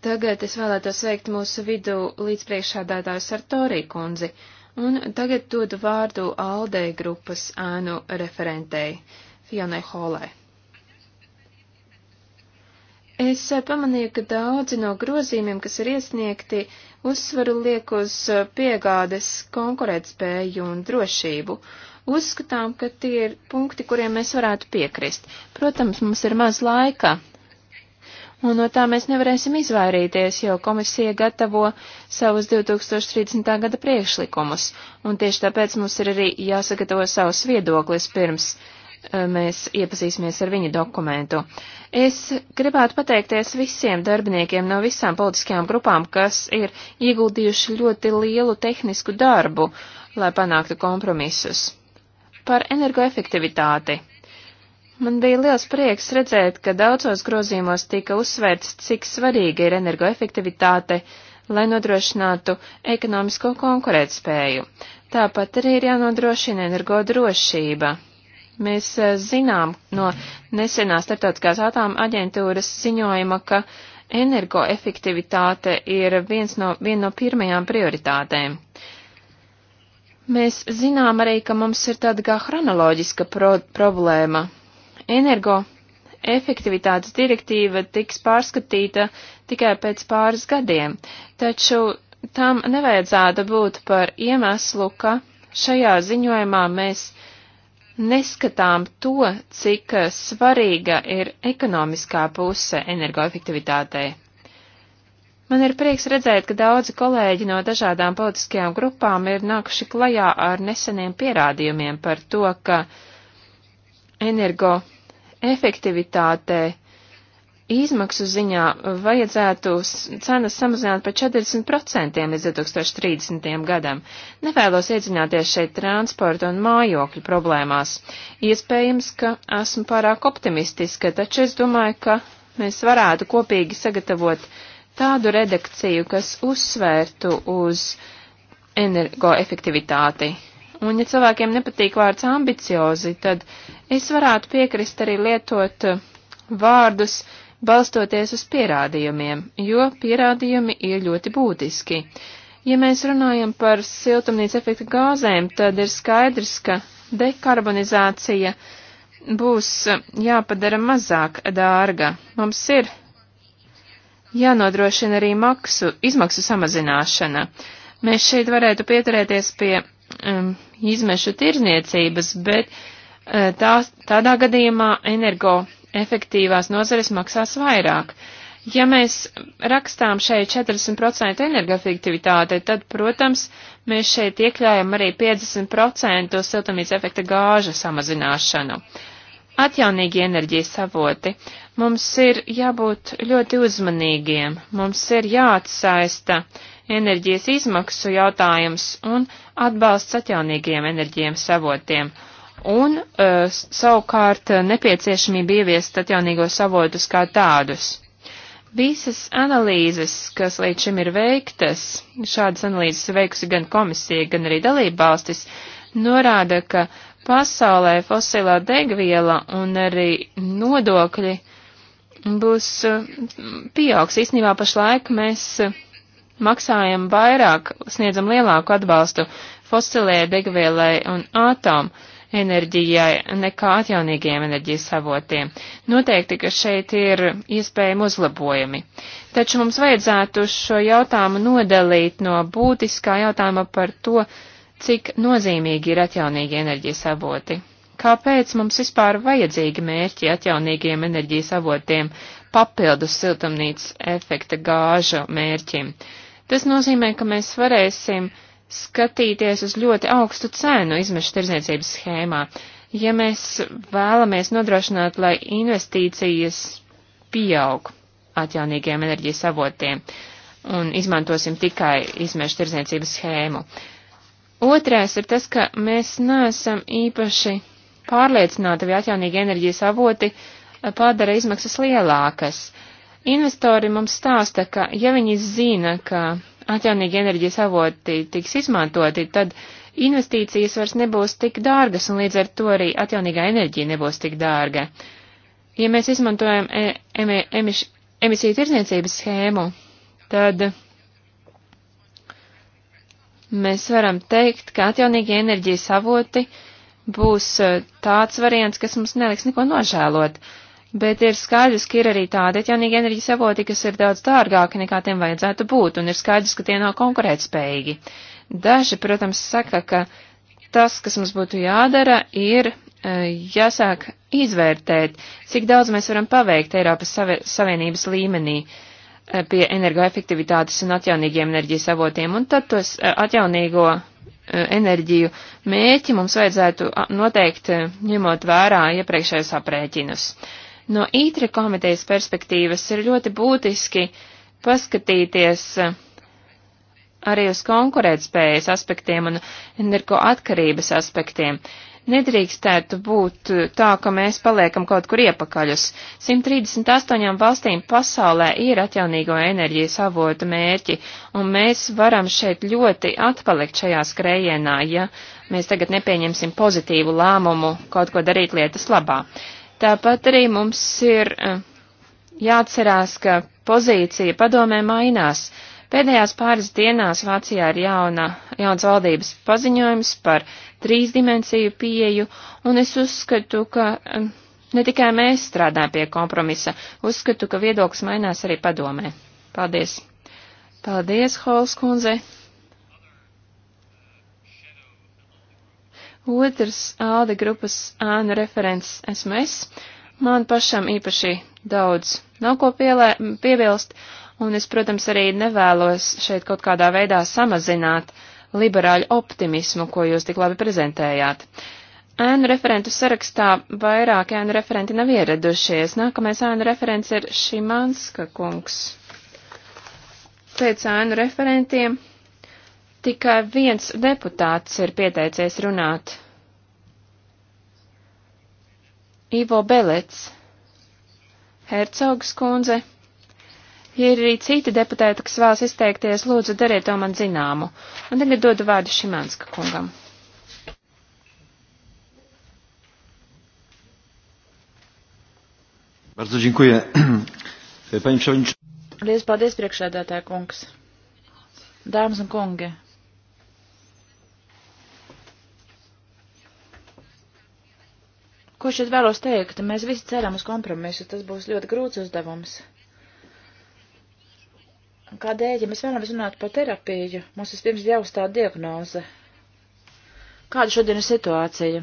Speaker 2: Tagad es vēlētos sveikt mūsu vidu līdzpriekšādātāju Sartori kundzi. Uh, Un tagad dodu vārdu Aldei grupas ēnu referentei, Fionai Holē. Es eh, pamanīju, ka daudzi no grozījumiem, kas ir iesniegti, uzsvaru liek uz eh, piegādes konkurētspēju un drošību. Uzskatām, ka tie ir punkti, kuriem mēs varētu piekrist. Protams, mums ir maz laika un no tā mēs nevarēsim izvairīties, jo komisija gatavo savus 2030. gada priekšlikumus, un tieši tāpēc mums ir arī jāsagatavo savs viedoklis pirms eh, mēs iepazīsimies ar viņa dokumentu. Es gribētu pateikties visiem darbiniekiem no visām politiskajām grupām, kas ir ieguldījuši ļoti lielu tehnisku darbu, lai panāktu kompromisus. Par energoefektivitāti. Man bija liels prieks redzēt, ka daudzos grozījumos tika uzsvērts, cik svarīga ir energoefektivitāte, lai nodrošinātu ekonomisko konkurētspēju. Tāpat arī ir jānodrošina energo drošība. Mēs eh, zinām no nesenā starptautiskās atām aģentūras ziņojuma, ka energoefektivitāte ir viens no, viena no pirmajām prioritātēm. Mēs zinām arī, ka mums ir tāda kā chronoloģiska pro problēma. Energo efektivitātes direktīva tiks pārskatīta tikai pēc pāris gadiem, taču tam nevajadzētu būt par iemeslu, ka šajā ziņojumā mēs neskatām to, cik svarīga ir ekonomiskā puse energoefektivitātei. Man ir prieks redzēt, ka daudzi kolēģi no dažādām politiskajām grupām ir nākuši klajā ar neseniem pierādījumiem par to, ka energo efektivitātē izmaksu ziņā vajadzētu cenas samazināt par 40% līdz 2030. gadam. Nevēlos iedzināties šeit transporta un mājokļu problēmās. Iespējams, ka esmu pārāk optimistiska, taču es domāju, ka mēs varētu kopīgi sagatavot tādu redakciju, kas uzsvērtu uz energoefektivitāti Un ja cilvēkiem nepatīk vārds ambiciozi, tad es varētu piekrist arī lietot eh, vārdus balstoties uz pierādījumiem, jo pierādījumi ir ļoti būtiski. Ja mēs runājam par siltumnīca efekta gāzēm, tad ir skaidrs, ka dekarbonizācija būs eh, jāpadara mazāk dārga. Mums ir jānodrošina arī maksu, izmaksu samazināšana. Mēs šeit varētu pieturēties pie um, izmešu tirzniecības, bet uh, tās, tādā gadījumā energoefektīvās nozares maksās vairāk. Ja mēs rakstām šeit 40% energoefektivitāte, tad, protams, mēs šeit iekļājam arī 50% siltumnīca efekta gāža samazināšanu. Atjaunīgi enerģijas avoti. Mums ir jābūt ļoti uzmanīgiem. Mums ir jāatsaista uh, enerģijas izmaksu jautājums un atbalsts atjaunīgiem enerģiem savotiem. Un uh, savukārt eh, nepieciešamība ieviest atjaunīgos savotus kā tādus. Visas analīzes, kas līdz šim ir veiktas, šādas analīzes veikusi gan komisija, gan arī dalība valstis, norāda, ka pasaulē fosilā degviela un arī nodokļi būs eh, pieaugs. Īsnībā pašlaik mēs maksājam vairāk, sniedzam lielāku atbalstu fosilē, degvielai un ātom enerģijai nekā atjaunīgiem enerģijas avotiem. Noteikti, ka šeit ir iespējami uzlabojumi. Taču mums vajadzētu šo jautājumu nodalīt no būtiskā jautājuma par to, cik nozīmīgi ir atjaunīgi enerģijas avoti. Kāpēc mums vispār vajadzīgi mērķi atjaunīgiem enerģijas avotiem papildus siltumnīcas efekta gāžu mērķim? Uh, Tas nozīmē, ka mēs varēsim skatīties uz ļoti augstu cenu izmešu tirdzniecības schēmā. Ja mēs vēlamies nodrošināt, lai investīcijas pieaug atjaunīgiem enerģijas avotiem un izmantosim tikai izmešu tirdzniecības schēmu. Otrais ir tas, ka mēs neesam īpaši pārliecināti, vai atjaunīgi enerģijas avoti padara izmaksas lielākas. Investori mums stāsta, ka ja viņi zina, ka atjaunīgi enerģijas avoti tiks izmantoti, tad investīcijas vairs nebūs tik dārgas un līdz ar to arī atjaunīgā enerģija nebūs tik dārga. Ja mēs izmantojam e emi emiš emisiju tirzniecības schēmu, tad mēs varam teikt, ka atjaunīgie enerģijas avoti būs e, tāds variants, kas mums neliks neko nožēlot. Uh, Bet ir skaidrs, ka ir arī tādi atjaunīgi enerģijas avoti, kas ir daudz dārgāki nekā tiem vajadzētu būt, un ir skaidrs, ka tie nav konkurētspējīgi. Daži, protams, saka, ka tas, kas mums būtu jādara, ir e, jāsāk izvērtēt, cik daudz mēs varam paveikt Eiropas Savienības līmenī e, pie energoefektivitātes un atjaunīgiem enerģijas avotiem, un tad tos e, atjaunīgo enerģiju mēķi mums vajadzētu noteikt ņemot vērā iepriekšējos aprēķinus. Uh, No ītra komitejas perspektīvas ir ļoti būtiski paskatīties eh, arī uz konkurētspējas aspektiem un energoatkarības aspektiem. Nedrīkstētu būt eh, tā, ka mēs paliekam kaut kur iepakaļus. 138 valstīm pasaulē ir atjaunīgo enerģijas avotu mērķi, un mēs varam šeit ļoti atpalikt šajā skrējienā, ja mēs tagad nepieņemsim pozitīvu lēmumu kaut ko darīt lietas labā. Tāpat arī mums ir eh, jāatcerās, ka pozīcija padomē mainās. Pēdējās pāris dienās Vācijā ir jauna, jauns valdības paziņojums par trīsdimensiju pieju, un es uzskatu, ka eh, ne tikai mēs strādājam pie kompromisa, uzskatu, ka viedoklis mainās arī padomē. Paldies! Paldies, Holskundze! Otrs āda grupas ēnu referents esmu es. Man pašam īpaši daudz nav ko pielē, piebilst, un es, protams, arī nevēlos šeit kaut kādā veidā samazināt liberāļu optimismu, ko jūs tik labi prezentējāt. Ēnu referentu sarakstā vairāk ēnu referenti nav ieradušies. Nākamais ēnu referents ir Šimanska kungs. Pēc ēnu referentiem Tikai viens deputāts ir pieteicies runāt. Ivo Belets, Hercogs kundze. Ja ir arī citi deputēti, kas vēlas izteikties, lūdzu, dariet to man zināmu. Un tagad dodu vārdu Šimanska kungam.
Speaker 1: Bardzo dziękuję. Panie Przewodniczący.
Speaker 3: Liels paldies, priekšsēdētāja kungs. Dāmas un kungi, Ko šeit vēlos teikt? Mēs visi ceram uz kompromisu, tas būs ļoti grūts uzdevums. Kādēļ, ja mēs vēlamies runāt par terapiju, mums vispirms jāuzstāda diagnoze. Kāda šodien ir situācija?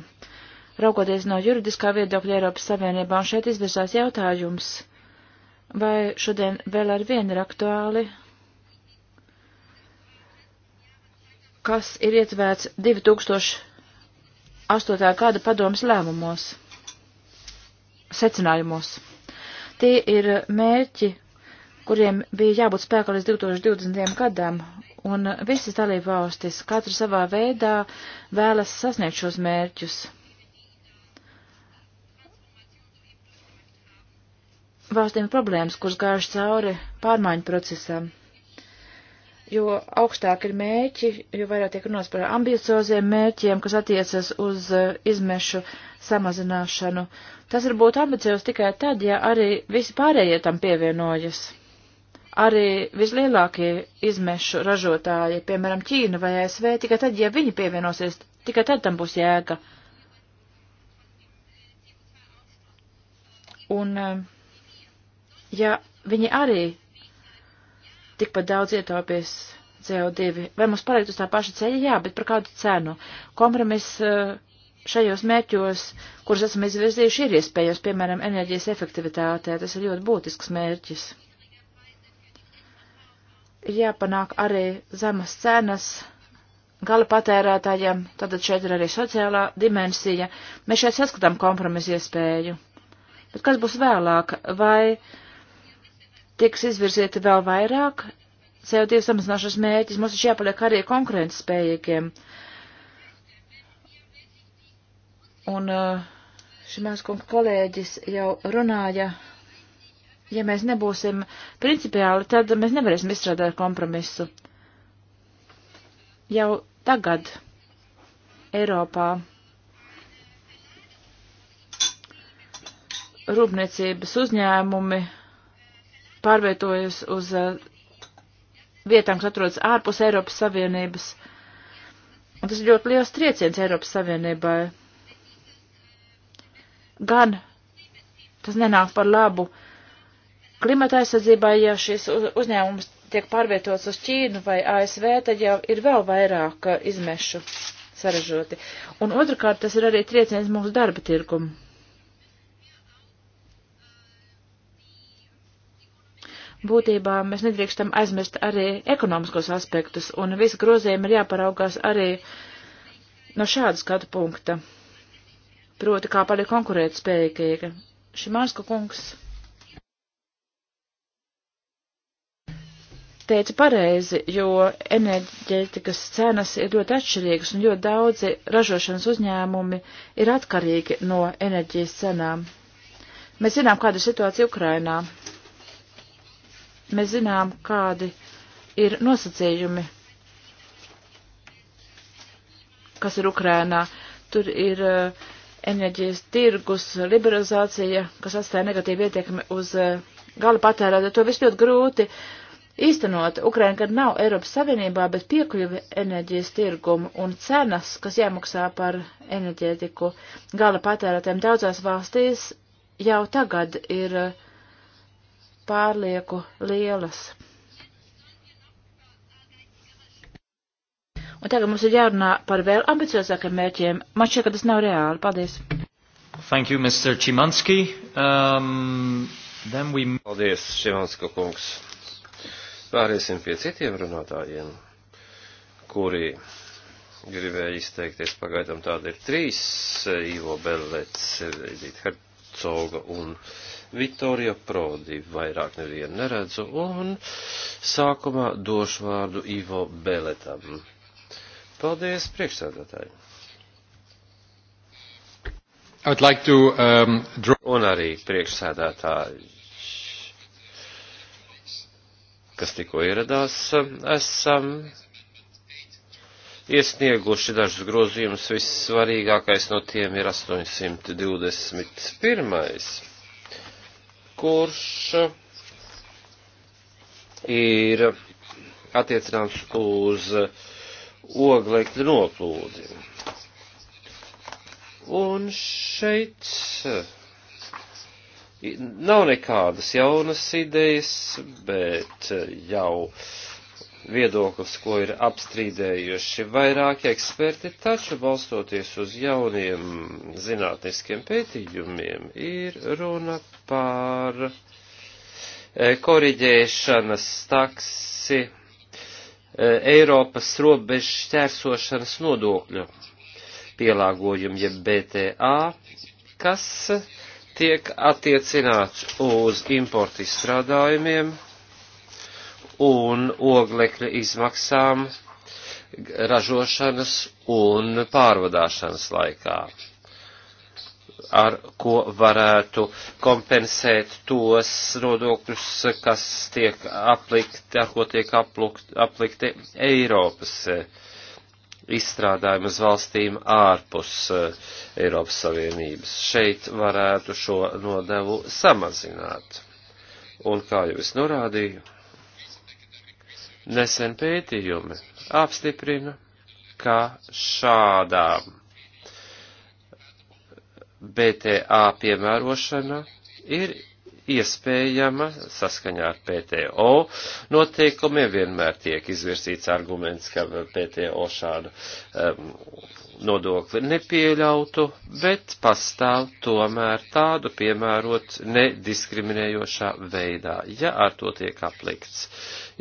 Speaker 3: Raugoties no juridiskā viedokļa Eiropas Savienībā, un šeit izvirzās jautājums, vai šodien vēl ar vienu ir aktuāli kas ir ietvēts 2008. gada padomas lēmumos secinājumos. Tie ir mērķi, kuriem bija jābūt spēkā līdz 2020. gadam, un visas dalībvalstis katra savā veidā vēlas sasniegt šos mērķus. Valstīm problēmas, kuras gājuši cauri pārmaiņu procesam jo augstāk ir mērķi, jo vairāk tiek runāts par ambicioziem mērķiem, kas attiecas uz eh, izmešu samazināšanu. Tas var būt ambiciozs tikai tad, ja arī visi pārējie tam pievienojas. Arī vislielākie izmešu ražotāji, piemēram, Ķīna vai ASV, tikai tad, ja viņi pievienosies, tikai tad tam būs jēga. Un, eh, ja viņi arī tikpat daudz ietaupīs CO2. Vai mums palikt uz tā paša ceļa? Jā, bet par kādu cenu. Kompromiss eh, šajos mērķos, kurus esam izvirzījuši, ir iespējams, piemēram, enerģijas efektivitātē. Tas ir ļoti būtisks mērķis. Ir jāpanāk arī zemas cenas gala patērētājiem, tad šeit ir arī sociālā dimensija. Mēs šeit saskatām kompromisu iespēju. Bet kas būs vēlāk? Vai uh, tiks izvirzīti vēl vairāk CO2 samazināšanas mērķis, mums ir jāpaliek arī konkurences spējīgiem. Un eh, šim kungs kolēģis jau runāja, ja mēs nebūsim principiāli, tad mēs nevarēsim izstrādāt kompromisu. Jau tagad Eiropā rūpniecības uzņēmumi pārvietojas uz eh, vietām, kas atrodas ārpus Eiropas Savienības. Un tas ir ļoti liels trieciens Eiropas Savienībai. Gan tas nenāk par labu klimata aizsardzībai, ja šis uzņēmums tiek pārvietots uz Ķīnu vai ASV, tad jau ir vēl vairāk eh, izmešu saražoti. Un otrkārt, tas ir arī trieciens mūsu darba tirkumu. būtībā mēs nedrīkstam aizmirst arī ekonomiskos aspektus, un visi grozījumi ir jāparaugās arī no šāda skatu punkta. Proti, kā paliek konkurēt spējīga. Šimārska kungs teica pareizi, jo enerģētikas cenas ir ļoti atšķirīgas, un ļoti daudzi ražošanas uzņēmumi ir atkarīgi no enerģijas cenām. Mēs zinām, kāda ir situācija Ukrainā Mēs zinām, kādi ir nosacījumi, kas ir Ukrainā. Tur ir uh, enerģijas tirgus liberalizācija, kas atstāja negatīvu ietekmi uz uh, gala patērētāju. To viss ļoti grūti īstenot. Ukraina gan nav Eiropas Savienībā, bet piekļuvi enerģijas tirgumu un cenas, kas jāmaksā par enerģētiku gala patērētājiem daudzās valstīs, jau tagad ir uh, pārlieku lielas. Un tagad mums ir jārunā par vēl ambiciozākiem mērķiem. Man šķiet, ka tas nav reāli. Paldies.
Speaker 1: Thank you, Mr. Čimanski. Um, then we... Paldies, Čimanska kungs. Pāriesim pie citiem runātājiem, kuri gribēja izteikties. Pagaidām tāda ir trīs - Ivo Bellets, Edita Hercoga un Vittorio Prodi vairāk nevienu neredzu, un sākumā došu vārdu Ivo Beletam. Paldies, priekšsēdētāji! Like to, um, draw... Un arī priekšsēdētāji, kas tikko ieradās, esam iesnieguši dažus grozījumus. Vissvarīgākais no tiem ir 821 kurš ir attiecināms uz oglekļa noplūdi. Un šeit nav nekādas jaunas idejas, bet jau uh, viedoklis, ko ir apstrīdējuši vairāki eksperti, taču balstoties uz jauniem zinātniskiem pētījumiem, ir runa par e, koriģēšanas taksi e, Eiropas robežu šķērsošanas nodokļu pielāgojumu, jeb BTA, kas tiek attiecināts uz importu izstrādājumiem un oglekļa izmaksām ražošanas un pārvadāšanas laikā, ar ko varētu kompensēt tos nodokļus, kas tiek aplikti, ar ko tiek aplikti, aplikti Eiropas eh, izstrādājumu uz valstīm ārpus eh, Eiropas Savienības. Šeit varētu šo nodevu samazināt. Un kā jau es norādīju, Nesen pētījumi apstiprina, ka šādām BTA piemērošana ir iespējama saskaņā ar PTO noteikumiem. Vienmēr tiek izvirsīts arguments, ka PTO šādu um, nodokli nepieļautu, bet pastāv tomēr tādu piemērot nediskriminējošā veidā, ja ar to tiek aplikts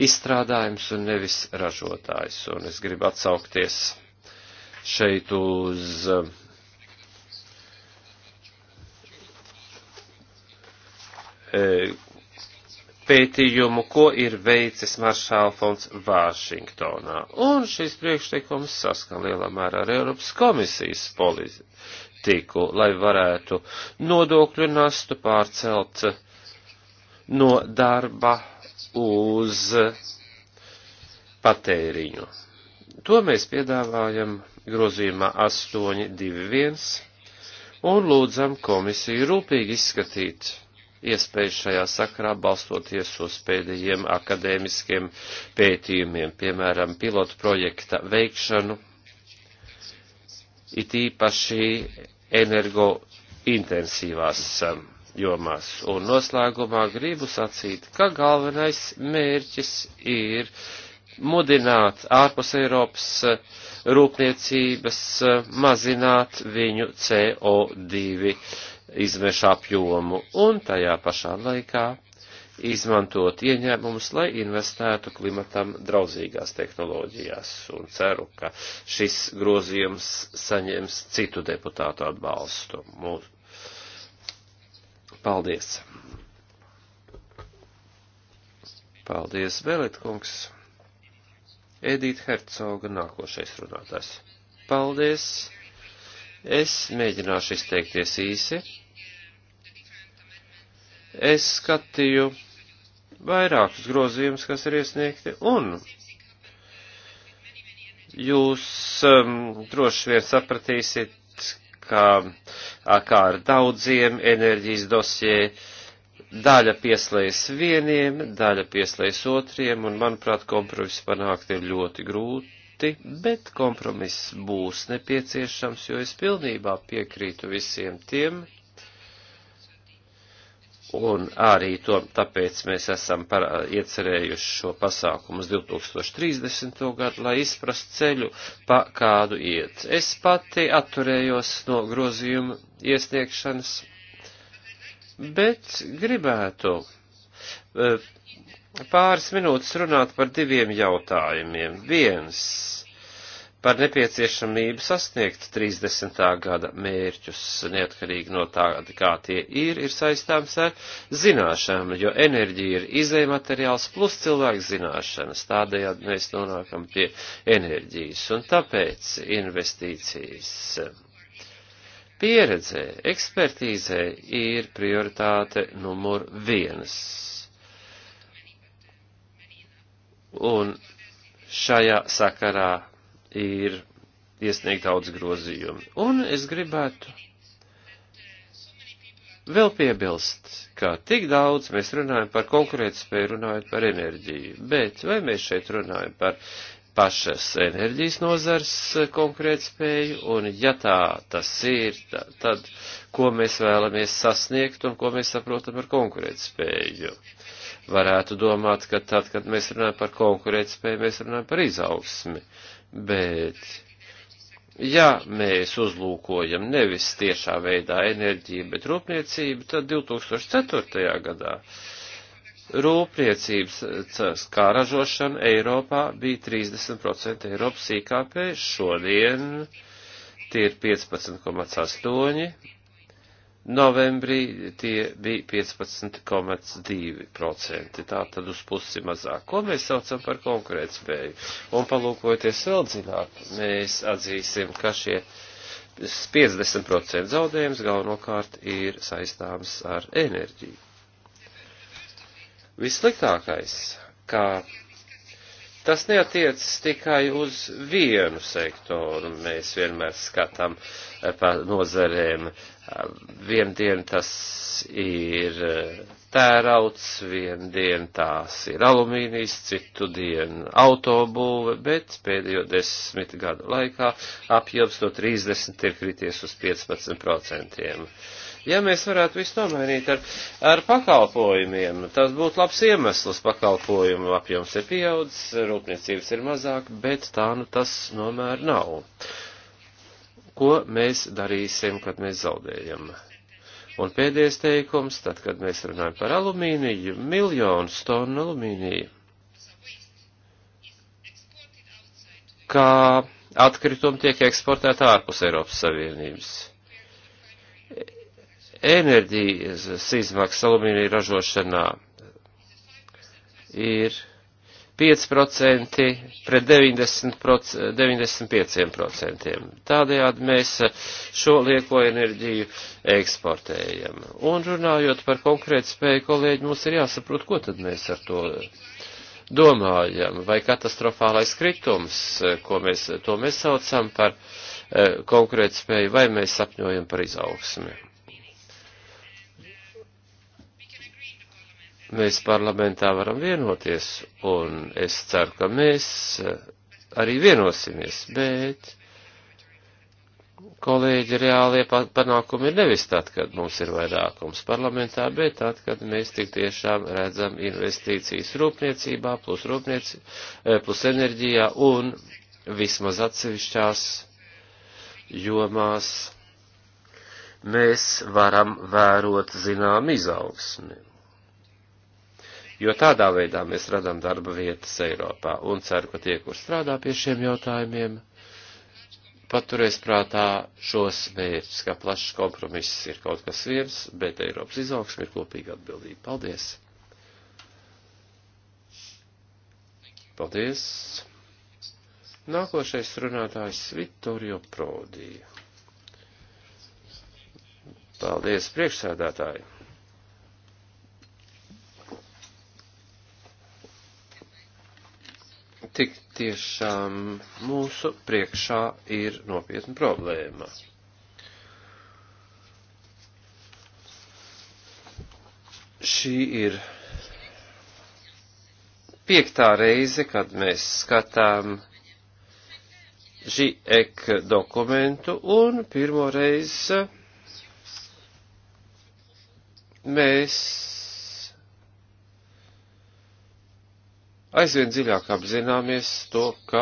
Speaker 1: izstrādājums un nevis ražotājs. Un es gribu atsaukties šeit uz e, pētījumu, ko ir veicis Maršāla fonds Vāšingtonā. Un šis priekšteikums saskan lielā mērā ar Eiropas komisijas politiku, lai varētu nodokļu nastu pārcelt no darba uz patēriņu. To mēs piedāvājam grozījumā 821 un lūdzam komisiju rūpīgi izskatīt iespējas šajā sakrā balstoties uz pēdējiem akadēmiskiem pētījumiem, piemēram, pilotu projekta veikšanu, it īpaši energointensīvās um, jomās. Un noslēgumā gribu sacīt, ka galvenais mērķis ir mudināt ārpus Eiropas uh, rūpniecības, uh, mazināt viņu CO2 izmešu apjomu un tajā pašā laikā izmantot ieņēmumus, lai investētu klimatam draudzīgās tehnoloģijās. Un ceru, ka šis grozījums saņems citu deputātu atbalstu. Mūs... Paldies! Paldies, Belet kungs! Edīta Hercoga nākošais runātājs. Paldies! Es mēģināšu izteikties īsi es skatīju vairākus grozījumus, kas ir iesniegti, un jūs um, droši vien sapratīsiet, ka kā ar daudziem enerģijas dosjē, daļa pieslēs vieniem, daļa pieslēs otriem, un, manuprāt, kompromiss panākt ir ļoti grūti, bet kompromiss būs nepieciešams, jo es pilnībā piekrītu visiem tiem, un arī to, tāpēc mēs esam par, iecerējuši šo pasākumu uz 2030. gadu, lai izprast ceļu, pa kādu iet. Es pati atturējos no grozījuma iesniegšanas, bet gribētu e, pāris minūtes runāt par diviem jautājumiem. Viens par nepieciešamību sasniegt 30. gada mērķus, neatkarīgi no tā, kā tie ir, ir saistāms ar zināšanām, jo enerģija ir izējumateriāls plus cilvēku zināšanas. Tādējādi mēs nonākam pie enerģijas, un tāpēc investīcijas pieredzē, ekspertīzē ir prioritāte numur viens. Un šajā sakarā ir iesniegt daudz grozījumu. Un es gribētu vēl piebilst, ka tik daudz mēs runājam par konkurētspēju, runājot par enerģiju, bet vai mēs šeit runājam par pašas enerģijas nozars konkurētspēju, un ja tā tas ir, tā, tad ko mēs vēlamies sasniegt un ko mēs saprotam ar konkurētspēju? Varētu domāt, ka tad, kad mēs runājam par konkurētspēju, mēs runājam par izaugsmi. Uh, Bet, ja mēs uzlūkojam nevis tiešā veidā enerģiju, bet rūpniecību, tad 2004. gadā rūpniecības kā ražošana Eiropā bija 30% Eiropas IKP, šodien tie ir 15,8%, novembrī tie bija 15,2%, tātad uz pusi mazāk, ko mēs saucam par konkurētspēju. Un palūkojoties vēl dziļāk, mēs atzīsim, ka šie 50% zaudējums galvenokārt ir saistāms ar enerģiju. Vissliktākais, kā Tas neatiecas tikai uz vienu sektoru. Mēs vienmēr skatām eh, pa nozarēm. Vienu dienu tas ir eh, tērauts, vienu dienu tās ir alumīnijas, citu dienu autobūve, bet pēdējo desmit gadu laikā apjoms no 30 ir krities uz 15%. Ja mēs varētu visu nomainīt ar, ar pakalpojumiem, tas būtu labs iemesls pakalpojumu apjoms ir pieaudzis, rūpniecības ir mazāk, bet tā nu tas nomēr nav. Ko mēs darīsim, kad mēs zaudējam? Un pēdējais teikums, tad, kad mēs runājam par alumīniju, miljonus tonu alumīniju, kā atkritumi tiek eksportēti ārpus Eiropas Savienības enerģijas izmaksas alumīnija ražošanā ir 5% pret 90%, 95%. Tādējādi mēs šo lieko enerģiju eksportējam. Un runājot par konkrētu spēju, kolēģi, mums ir jāsaprot, ko tad mēs ar to domājam, vai katastrofālais kritums, ko mēs, to mēs saucam par eh, konkrētu spēju, vai mēs sapņojam par izaugsmi. mēs parlamentā varam vienoties, un es ceru, ka mēs eh, arī vienosimies, bet kolēģi reālie panākumi ir nevis tad, kad mums ir vairākums parlamentā, bet tad, kad mēs tik tiešām redzam investīcijas rūpniecībā, plus, rūpniec, eh, plus enerģijā un vismaz atsevišķās jomās mēs varam vērot zinām izaugsmi jo tādā veidā mēs radām darba vietas Eiropā un ceru, ka tie, kur strādā pie šiem jautājumiem, paturēs prātā šos mērķus, ka plašs kompromiss ir kaut kas viens, bet Eiropas izaugsme ir kopīga atbildība. Paldies! Paldies! Nākošais runātājs Vittorio Prodī. Paldies, priekšsēdētāji! tik tiešām mūsu priekšā ir nopietna problēma. Šī ir piektā reize, kad mēs skatām žīek dokumentu un pirmo reizi mēs aizvien dziļāk apzināmies to, ka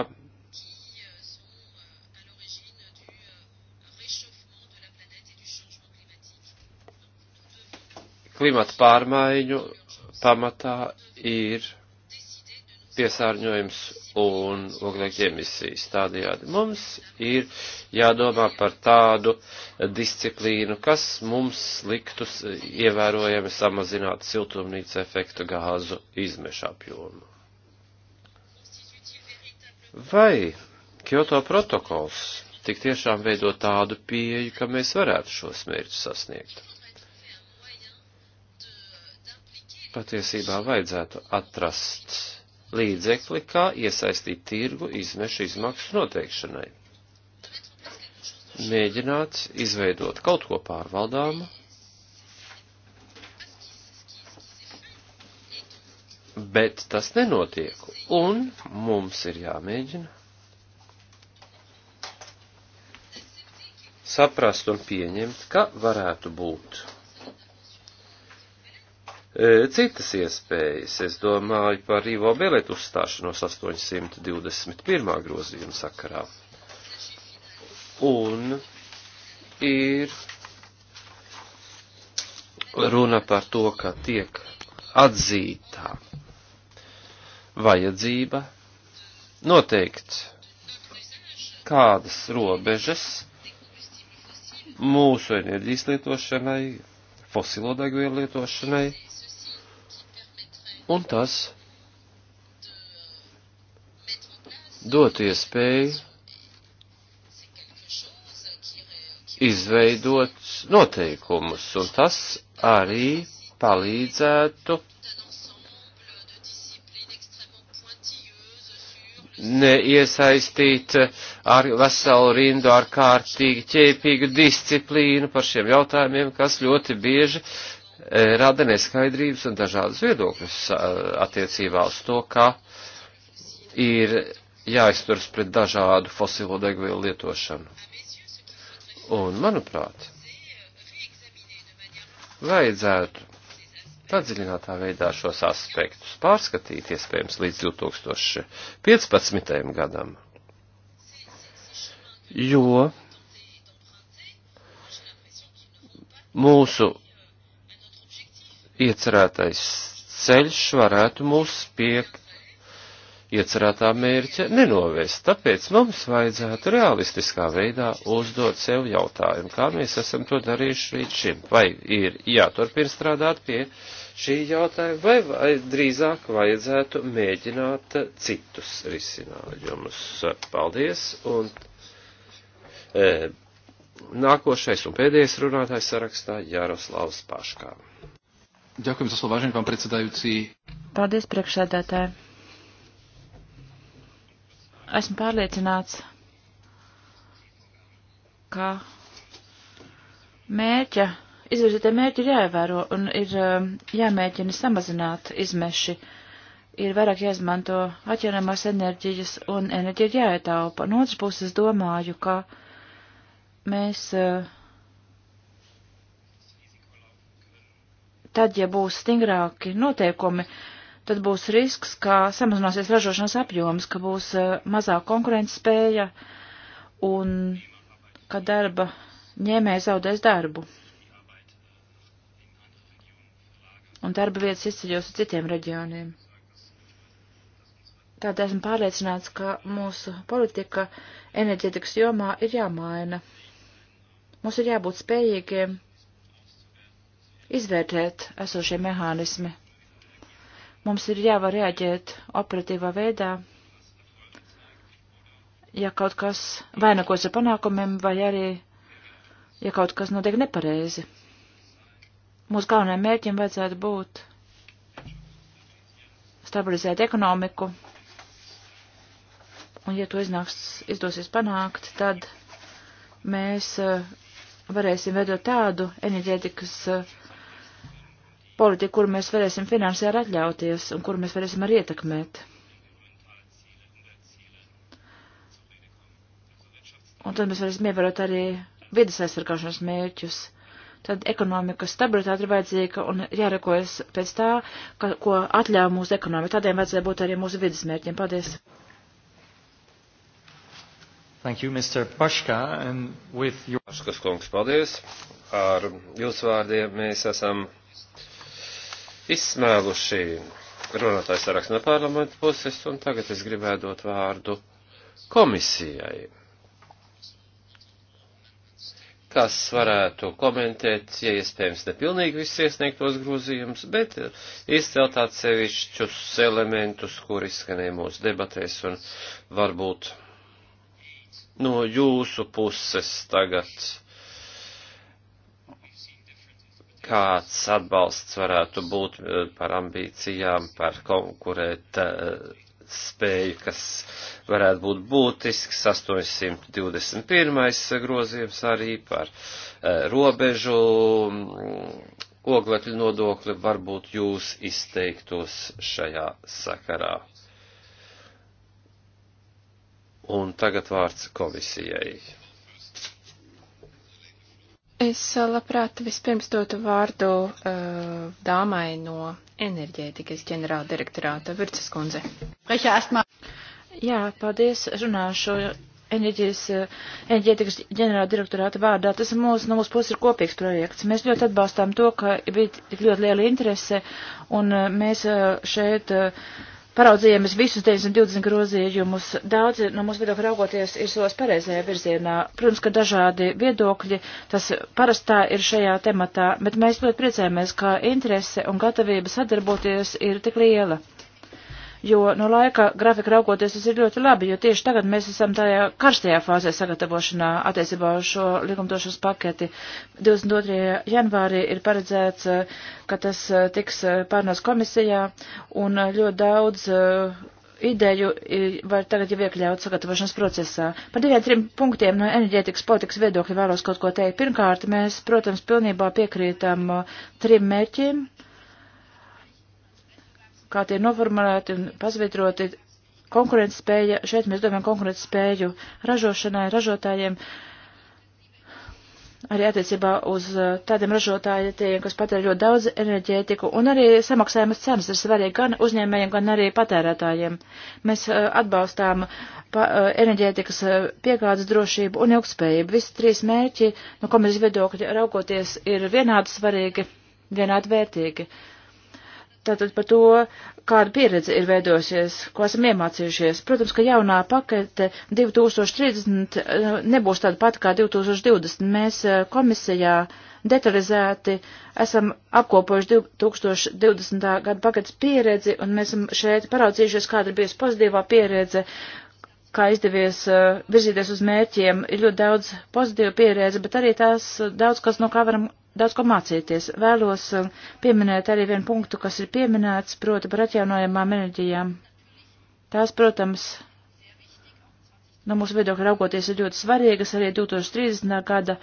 Speaker 1: klimata pārmaiņu pamatā ir piesārņojums un oglekļa emisijas. Tādējādi mums ir jādomā par tādu disciplīnu, kas mums liktu ievērojami samazināt siltumnīca efekta gāzu izmešapjomu. Vai Kyoto protokols tik tiešām veido tādu pieeju, ka mēs varētu šos mērķus sasniegt? Patiesībā vajadzētu atrast līdzekli, kā iesaistīt tirgu izmešu izmaksu noteikšanai. Mēģināt izveidot kaut ko pārvaldāmu, bet tas nenotiek, un mums ir jāmēģina saprast un pieņemt, ka varētu būt e, citas iespējas. Es domāju par Ivo Beletu uzstāšanos 821. grozījuma sakarā. Un ir runa par to, ka tiek atzītā vajadzība noteikt kādas robežas mūsu enerģijas lietošanai, fosilo degvielu lietošanai, un tas dot iespēju izveidot noteikumus, un tas arī palīdzētu neiesaistīt ar veselu rindu ar kārtīgi ķēpīgu disciplīnu par šiem jautājumiem, kas ļoti bieži e, rada neskaidrības un dažādas viedokļas e, attiecībā uz to, kā ir jāizturas pret dažādu fosilo degvielu lietošanu. Un, manuprāt, vajadzētu padziļinātā veidā šos aspektus pārskatīt, iespējams, līdz 2015. gadam. Jo mūsu iecerētais ceļš varētu mūs pie iecerētā mērķa nenovest, tāpēc mums vajadzētu realistiskā veidā uzdot sev jautājumu, kā mēs esam to darījuši līdz šim, vai ir jāturpina strādāt pie uh, šī jautājuma, vai, vai drīzāk vajadzētu mēģināt citus risinājumus. Paldies! Un, e, nākošais un pēdējais runātājs sarakstā Jaroslavs Paškā. Ďakujem za slovo, vážený pán predsedajúci. Paldies,
Speaker 3: priekšsēdētāji. Esmu pārliecināts, ka mērķa izvirzītie mērķi ir jāievēro un ir um, jāmēģina samazināt izmeši. Ir vairāk jāizmanto atjaunamās enerģijas un enerģija ir jāietaupa. No otras puses domāju, ka mēs uh, tad, ja būs stingrāki noteikumi, tad būs risks, ka samazināsies ražošanas apjoms, ka būs uh, mazāk konkurences spēja un ka darba ņēmēja zaudēs darbu. un darba vietas izceļos uz citiem reģioniem. Tādēļ esmu pārliecināts, ka mūsu politika enerģetikas jomā ir jāmaina. Mums ir jābūt spējīgiem izvērtēt esošie mehānismi. Mums ir jāvar reaģēt operatīvā veidā, ja kaut kas vainakos ar panākumiem, vai arī, ja kaut kas notiek nepareizi mūsu galvenajiem mērķiem vajadzētu būt stabilizēt ekonomiku, un ja to iznāks, izdosies panākt, tad mēs eh, varēsim veidot tādu enerģētikas eh, politiku, kuru mēs varēsim finansiāli atļauties un kuru mēs varēsim arī ietekmēt. Un tad mēs varēsim ievērot arī vidas aizsargāšanas mērķus tad ekonomikas stabilitāte ir vajadzīga un jārekojas pēc tā, ka, ko atļauj mūsu ekonomika. Tādiem vajadzēja būt arī mūsu vidas mērķiem. Paldies!
Speaker 1: Thank you, Mr. Paška, and with your... Paškas kungs, paldies. Ar jūsu vārdiem mēs esam izsmēluši runātājs sarakstu no parlamenta puses, un tagad es gribētu dot vārdu komisijai kas varētu komentēt, ja iespējams, nepilnīgi visus iesniegtos grozījumus, bet izcelt atsevišķus elementus, kur izskanēja mūsu debatēs un varbūt no jūsu puses tagad kāds atbalsts varētu būt eh, par ambīcijām, par konkurēt eh, spēju, kas varētu būt būtisks. 821. grozījums arī par eh, robežu mm, oglekļu nodokli. Varbūt jūs izteiktos šajā sakarā. Un tagad vārds komisijai.
Speaker 2: Es eh, labprāt vispirms dotu vārdu uh, dāmai no enerģētikas ģenerāla direktorāta Virces kundze.
Speaker 3: Jā, paldies, runāšu enerģijas, enerģētikas ģenerāla direktorāta vārdā. Tas mūsu, no mūsu puses ir kopīgs projekts. Mēs ļoti atbalstām to, ka bija tik ļoti liela interese, un eh, mēs eh, šeit uh, paraudzījamies visus 920 grozījumus. Daudzi no mūsu viedokļa raugoties ir solis pareizajā virzienā. Protams, ka dažādi viedokļi, tas parastā ir šajā tematā, bet mēs ļoti priecājamies, ka interese un gatavība sadarboties ir tik liela jo no laika grafika raugoties tas ir ļoti labi, jo tieši tagad mēs esam tajā karstajā fāzē sagatavošanā attiecībā uz šo likumdošanas paketi. 22. janvārī ir paredzēts, eh, ka tas eh, tiks eh, pārnos komisijā un ļoti daudz ideju var tagad jau iekļaut sagatavošanas procesā. Par diviem, trim punktiem no enerģētikas politikas viedokļa vēlos kaut ko teikt. Pirmkārt, mēs, protams, pilnībā piekrītam trim mērķiem. Uh, kā tie noformulēti un pasvidroti, konkurences spēja, šeit mēs domājam konkurences spēju ražošanai, ražotājiem, arī attiecībā uz uh, tādiem ražotājiem, kas patērē ļoti daudz enerģētiku, un arī samaksājumas cenas ir svarīgi gan uzņēmējiem, gan arī patērētājiem. Mēs uh, atbalstām pa, uh, enerģētikas piegādes drošību un ilgspējību. Visi trīs mērķi, no komerces viedokļa raugoties, ir vienādi svarīgi, vienādi vērtīgi. Uh, Tātad par to, kāda pieredze ir veidosies, ko esam iemācījušies. Protams, ka jaunā pakete 2030 eh, nebūs tāda pati kā 2020. Mēs eh, komisijā detalizēti esam apkopojuši 2020. gada paketes pieredzi, un mēs esam šeit paraudzījušies, kāda ir bijusi pozitīvā pieredze, kā izdevies eh, virzīties uz mērķiem. Ir ļoti daudz pozitīva pieredze, bet arī tās daudz, kas no kā varam daudz ko mācīties. Vēlos um, pieminēt arī vienu punktu, kas ir pieminēts, proti par atjaunojamām enerģijām. Tās, protams, no mūsu viedokļa raugoties ir ļoti svarīgas arī 2030. gada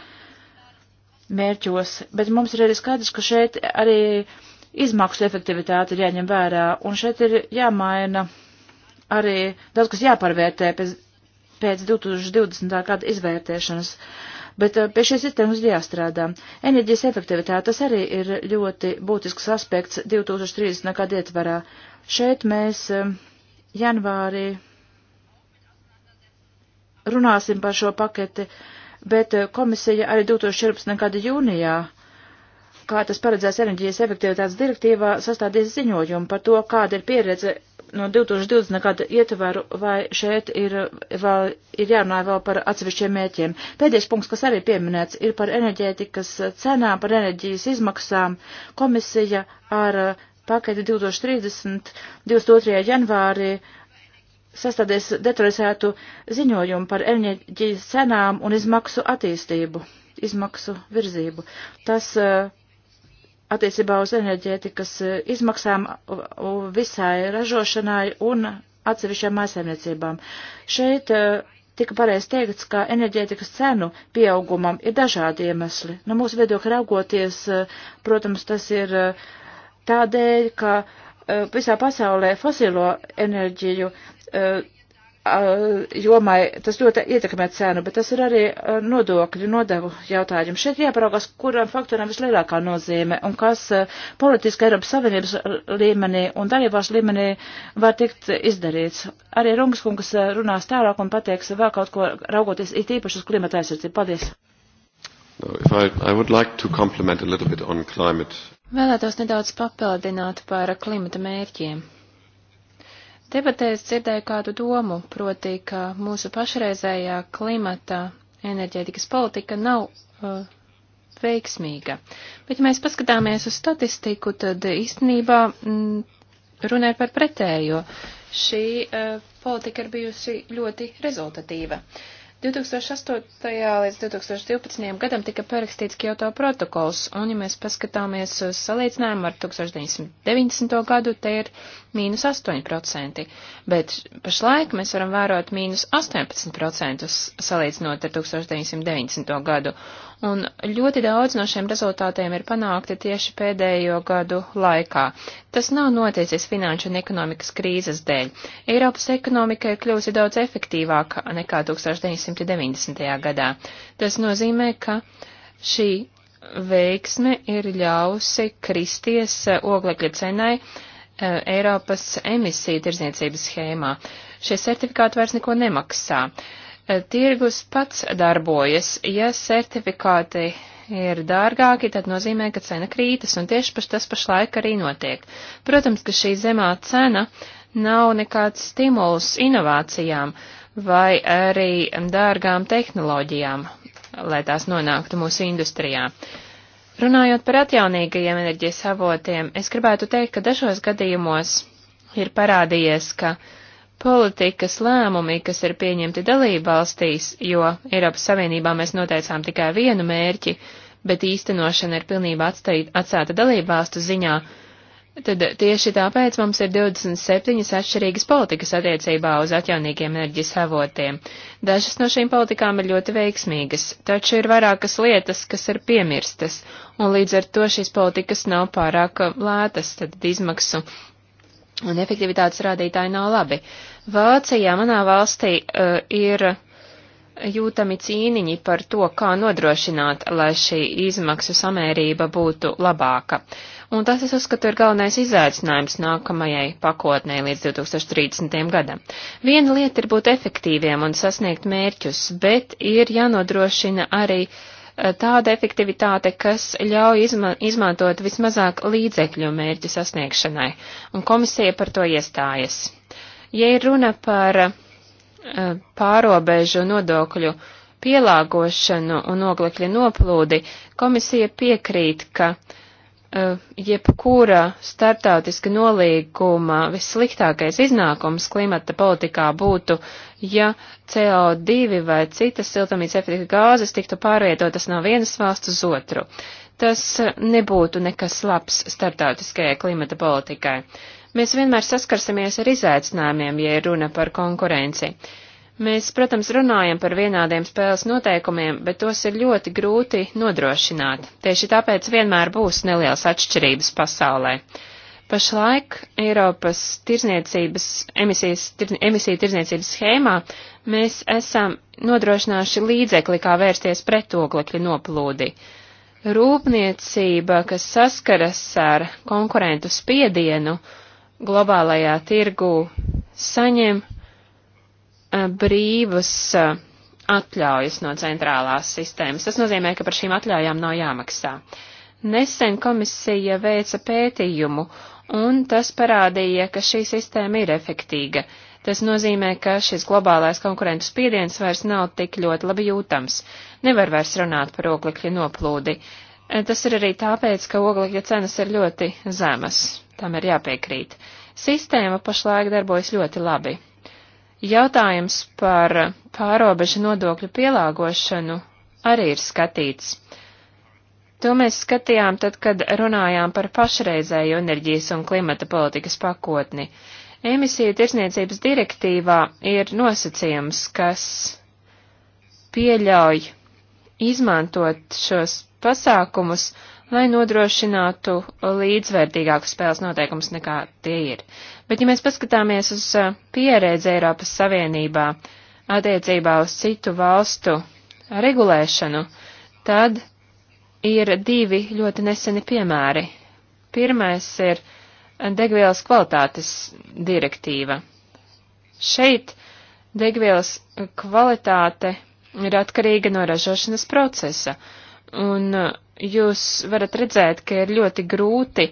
Speaker 3: mērķos, bet mums ir arī skaidrs, ka šeit arī izmaksu efektivitāte ir jāņem vērā, un šeit ir jāmaina arī daudz, kas jāpārvērtē pēc, pēc 2020. gada izvērtēšanas. Uh, bet eh, pie šīs sistēmas jāstrādā. Enerģijas efektivitāte tas arī ir ļoti būtisks aspekts 2030. gada ietvarā. Šeit mēs eh, janvārī runāsim par šo paketi, bet eh, komisija arī 2014. gada jūnijā kā tas paredzēts enerģijas efektivitātes direktīvā, sastādīs ziņojumu par to, kāda ir pieredze no 2020. gada ietvaru, vai šeit ir, vēl, ir jārunā vēl par atsevišķiem mērķiem. Pēdējais punkts, kas arī pieminēts, ir par enerģētikas cenām, par enerģijas izmaksām. Komisija ar paketi 2030. 22. janvārī sastādīs detalizētu ziņojumu par enerģijas cenām un izmaksu attīstību, izmaksu virzību. Tas uh, attiecībā uz enerģētikas eh, izmaksām visai ražošanai un atsevišķām mājasēmniecībām. Šeit eh, tika pareizi teikts, ka enerģētikas cenu pieaugumam ir dažādi iemesli. No mūsu viedokļa raugoties, eh, protams, tas ir tādēļ, ka visā pasaulē fosilo enerģiju Eh, jomai tas ļoti ietekmē cenu, bet tas ir arī eh, nodokļu nodevu jautājums. Šeit jāparaugās, kuram faktoram vislielākā nozīme un kas eh, politiski Eiropas Savienības līmenī un dalībās līmenī var tikt izdarīts. Arī Rungaskungs runās tālāk un pateiks vēl kaut ko
Speaker 2: raugoties it īpaši uz klimata aizsardzību. Paldies!
Speaker 1: No, I, I like
Speaker 2: Vēlētos nedaudz papildināt par klimata mērķiem. Debatēs dzirdēju kādu domu, proti, ka mūsu pašreizējā klimata enerģētikas politika nav uh, veiksmīga. Bet, ja mēs paskatāmies uz statistiku, tad īstenībā m, mm, runē par pretējo. Šī uh, politika ir bijusi ļoti rezultatīva. Uh, 2008. līdz 2012. gadam tika parakstīts Kyoto protokols, un, ja mēs paskatāmies uz salīdzinājumu ar 1990. gadu, te ir mīnus 8%, bet pašlaik mēs varam vērot mīnus 18% salīdzinot ar 1990. gadu, un ļoti daudz no šiem rezultātiem ir panākti tieši pēdējo gadu laikā. Tas nav noticis finanšu un ekonomikas krīzes dēļ. Eiropas ekonomika ir kļūsi daudz efektīvāka nekā 1990. gadā. Tas nozīmē, ka šī veiksme ir ļausi kristies oglekļa cenai eh, Eiropas emisiju tirzniecības schēmā. Šie certifikāti vairs neko nemaksā. Uh, tirgus pats darbojas. Ja certifikāti ir dārgāki, tad nozīmē, ka cena krītas, un tieši paš tas pašlaik arī notiek. Protams, ka šī zemā cena nav nekāds stimuls inovācijām vai arī dārgām tehnoloģijām, lai tās nonāktu mūsu industrijā. Runājot par atjaunīgajiem enerģijas avotiem, es gribētu teikt, ka dažos gadījumos ir parādījies, ka uh, politikas lēmumi, kas ir pieņemti dalībvalstīs, jo Eiropas Savienībā mēs noteicām tikai vienu mērķi, bet īstenošana ir pilnībā atstājot, atstāta dalībvalstu ziņā, tad tieši tāpēc mums ir 27 atšķirīgas politikas attiecībā uz atjaunīgiem enerģijas avotiem. Dažas no šīm politikām ir ļoti veiksmīgas, taču ir vairākas lietas, kas ir piemirstas, un līdz ar to šīs politikas nav pārāk lētas, tad izmaksu un efektivitātes rādītāji nav labi. Vācijā, manā valstī, uh, ir jūtami cīniņi par to, kā nodrošināt, lai šī izmaksu samērība būtu labāka. Un tas, es uzskatu, ir galvenais izaicinājums nākamajai pakotnē līdz 2030. gadam. Viena lieta ir būt efektīviem un sasniegt mērķus, bet ir jānodrošina arī uh, tāda efektivitāte, kas ļauj izma izmantot vismazāk līdzekļu mērķu sasniegšanai, un komisija par to iestājas. Ja ir runa par e, pārobežu nodokļu pielāgošanu un oglekļa noplūdi, komisija piekrīt, ka uh, Eh, jebkura startautiska nolīguma vissliktākais iznākums klimata politikā būtu, ja CO2 vai citas siltumnīca efekta gāzes tiktu pārvietotas no vienas valsts uz otru. Tas nebūtu nekas labs startautiskajai klimata politikai. Mēs vienmēr saskarsimies ar izaicinājumiem, ja runa par konkurenci. Uh, Mēs, protams, runājam par vienādiem spēles noteikumiem, bet tos ir ļoti grūti nodrošināt. Tieši tāpēc vienmēr būs nelielas atšķirības pasaulē. Pašlaik Eiropas tirzniecības emisijas, tir, emisiju tirzniecības schēmā mēs esam nodrošinājuši līdzekli, kā vērsties pret oglekļa noplūdi. Rūpniecība, kas saskaras ar konkurentu spiedienu globālajā tirgū, saņem Eh, brīvas eh, atļaujas no centrālās sistēmas. Tas nozīmē, ka par šīm atļaujām nav jāmaksā. Nesen komisija veica pētījumu, un tas parādīja, ka šī sistēma ir efektīga. Tas nozīmē, ka šis globālais konkurentu spiediens vairs nav tik ļoti labi jūtams. Nevar vairs runāt par oglekļa noplūdi. Eh, tas ir arī tāpēc, ka oglekļa cenas ir ļoti zemas. Tam ir jāpiekrīt. Sistēma pašlaik darbojas ļoti labi. Jautājums par pārobežu nodokļu pielāgošanu arī ir skatīts. To mēs skatījām tad, kad runājām par pašreizēju enerģijas un klimata politikas pakotni. Emisiju tirsniecības direktīvā ir nosacījums, kas pieļauj izmantot šos pasākumus, lai nodrošinātu līdzvērtīgākus spēles noteikumus nekā tie ir. Bet, ja mēs paskatāmies uz pieredzi Eiropas Savienībā attiecībā uz citu valstu regulēšanu, tad ir divi ļoti neseni piemēri. Pirmais ir degvielas kvalitātes direktīva. Šeit degvielas kvalitāte ir atkarīga no ražošanas procesa, un jūs varat redzēt, ka ir ļoti grūti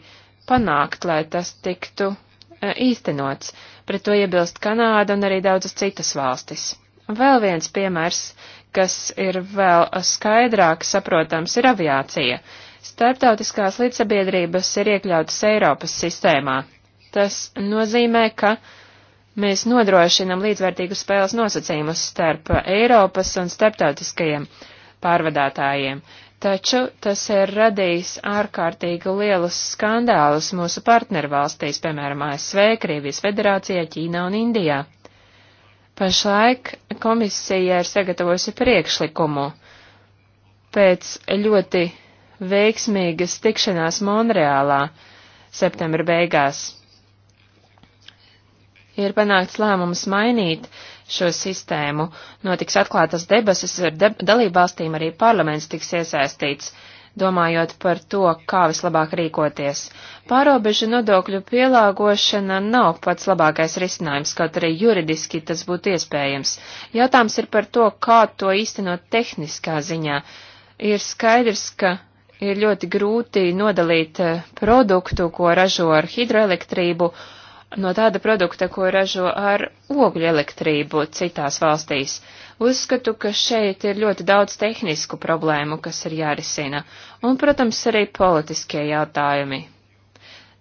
Speaker 2: panākt, lai tas tiktu E, īstenots. Pret to iebilst Kanāda un arī daudzas citas valstis. Un vēl viens piemērs, kas ir vēl skaidrāk saprotams, ir aviācija. Startautiskās līdzsabiedrības ir iekļautas Eiropas sistēmā. Tas nozīmē, ka mēs nodrošinam līdzvērtīgu spēles nosacījumus starp Eiropas un starptautiskajiem pārvadātājiem taču tas ir radījis ārkārtīgi lielus skandālus mūsu partnervalstīs, piemēram, ASV, Krievijas federācijā, Ķīnā un Indijā. Pašlaik komisija ir sagatavojusi priekšlikumu pēc ļoti veiksmīgas tikšanās Monreālā septembra beigās. Ir panākts lēmums mainīt šo sistēmu. Notiks atklātas debases ar de dalībvalstīm, arī parlaments tiks iesaistīts, domājot par to, kā vislabāk rīkoties. Pārobežu nodokļu pielāgošana nav pats labākais risinājums, kaut arī juridiski tas būtu iespējams. Jautājums ir par to, kā to īstenot tehniskā ziņā. Ir skaidrs, ka ir ļoti grūti nodalīt eh, produktu, ko ražo ar hidroelektrību, uh, no tāda produkta, ko ražo ar ogļu elektrību citās valstīs. Uzskatu, ka šeit ir ļoti daudz tehnisku problēmu, kas ir jārisina, un, protams, arī politiskie jautājumi.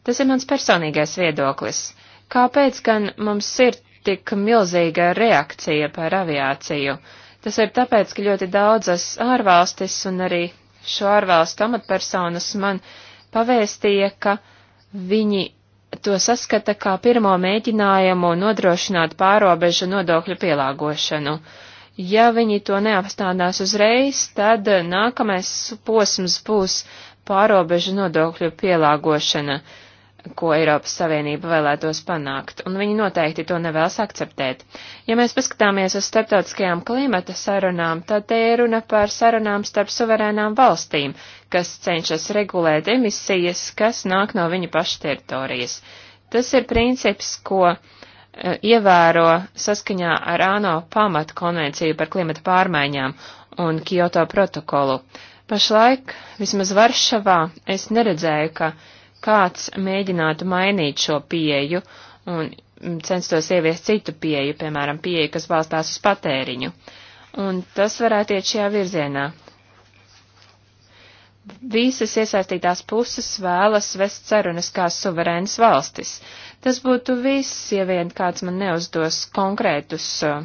Speaker 2: Tas ir mans personīgais viedoklis. Kāpēc gan mums ir tik milzīga reakcija par aviāciju? Tas ir tāpēc, ka ļoti daudzas ārvalstis un arī šo ārvalstu amatpersonas man pavēstīja, ka viņi to saskata kā pirmo mēģinājumu nodrošināt pārobežu nodokļu pielāgošanu. Ja viņi to neapstādās uzreiz, tad nākamais posms būs pārobežu nodokļu pielāgošana. Uh, ko Eiropas Savienība vēlētos panākt, un viņi noteikti to nevēlas akceptēt. Ja mēs paskatāmies uz starptautiskajām klimata sarunām, tad te ir runa par sarunām starp suverēnām valstīm, kas cenšas regulēt emisijas, kas nāk no viņa paša teritorijas. Tas ir princips, ko uh, ievēro saskaņā ar ANO pamatu konvenciju par klimata pārmaiņām un Kyoto protokolu. Pašlaik, vismaz Varšavā, es neredzēju, ka uh, kāds mēģinātu mainīt šo pieeju un censtos ieviest citu pieeju, piemēram, pieeju, kas balstās uz patēriņu. Un tas varētu iet šajā virzienā. Visas iesaistītās puses vēlas vest sarunas kā suverēnas valstis. Tas būtu viss, ja vien kāds man neuzdos konkrētus uh,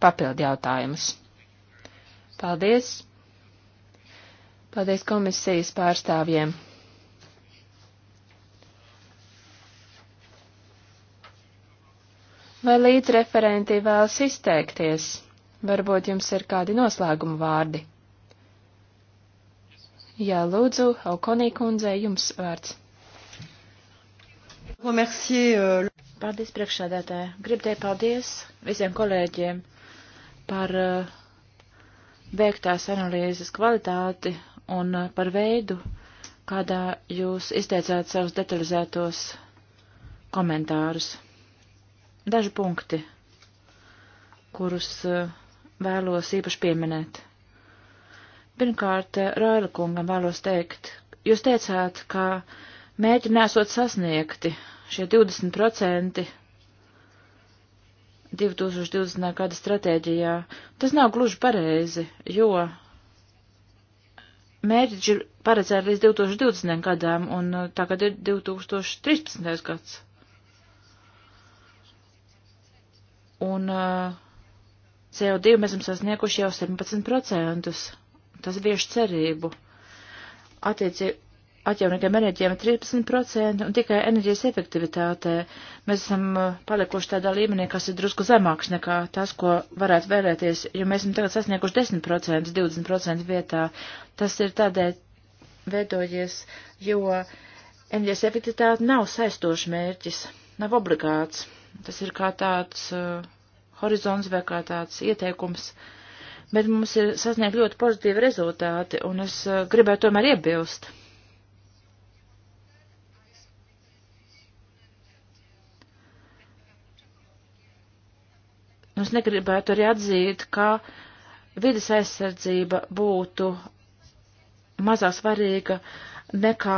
Speaker 2: papildu jautājumus. Paldies! Paldies komisijas pārstāvjiem! Vai līdzreferenti vēlas izteikties? Varbūt jums ir kādi noslēguma vārdi. Jā, lūdzu, Aukonī kundzei jums vārds. Euh, paldies,
Speaker 3: priekšsēdētāji. Gribu teikt paldies visiem kolēģiem par uh, veiktās analīzes kvalitāti un uh, par veidu, kādā jūs izteicāt savus detalizētos komentārus. Daži punkti, kurus eh, vēlos īpaši pieminēt. Pirmkārt, eh, Raila kungam vēlos teikt, jūs teicāt, ka mērķi nesot sasniegti šie 20% 2020. gada stratēģijā. Tas nav gluži pareizi, jo mērķi ir paredzēti līdz 2020. gadām, un eh, tagad ir 2013. gads. Un uh, CO2 mēs esam sasnieguši jau 17%. Tas bieži cerību. Attiecīgi atjaunīgiem enerģijiem ir 13% un tikai enerģijas efektivitātē mēs esam uh, palikuši tādā līmenī, kas ir drusku zemāks nekā tas, ko varētu vēlēties, jo mēs esam tagad sasnieguši 10%, 20% vietā. Tas ir tādēļ veidojies, jo enerģijas efektivitāte nav saistošs mērķis, nav obligāts. Tas ir kā tāds uh, horizons vai kā tāds ieteikums. Bet mums ir sasniegt ļoti pozitīvi rezultāti, un es uh, gribētu tomēr iebilst. Mums nu, negribētu arī atzīt, ka vidas aizsardzība būtu mazāk svarīga nekā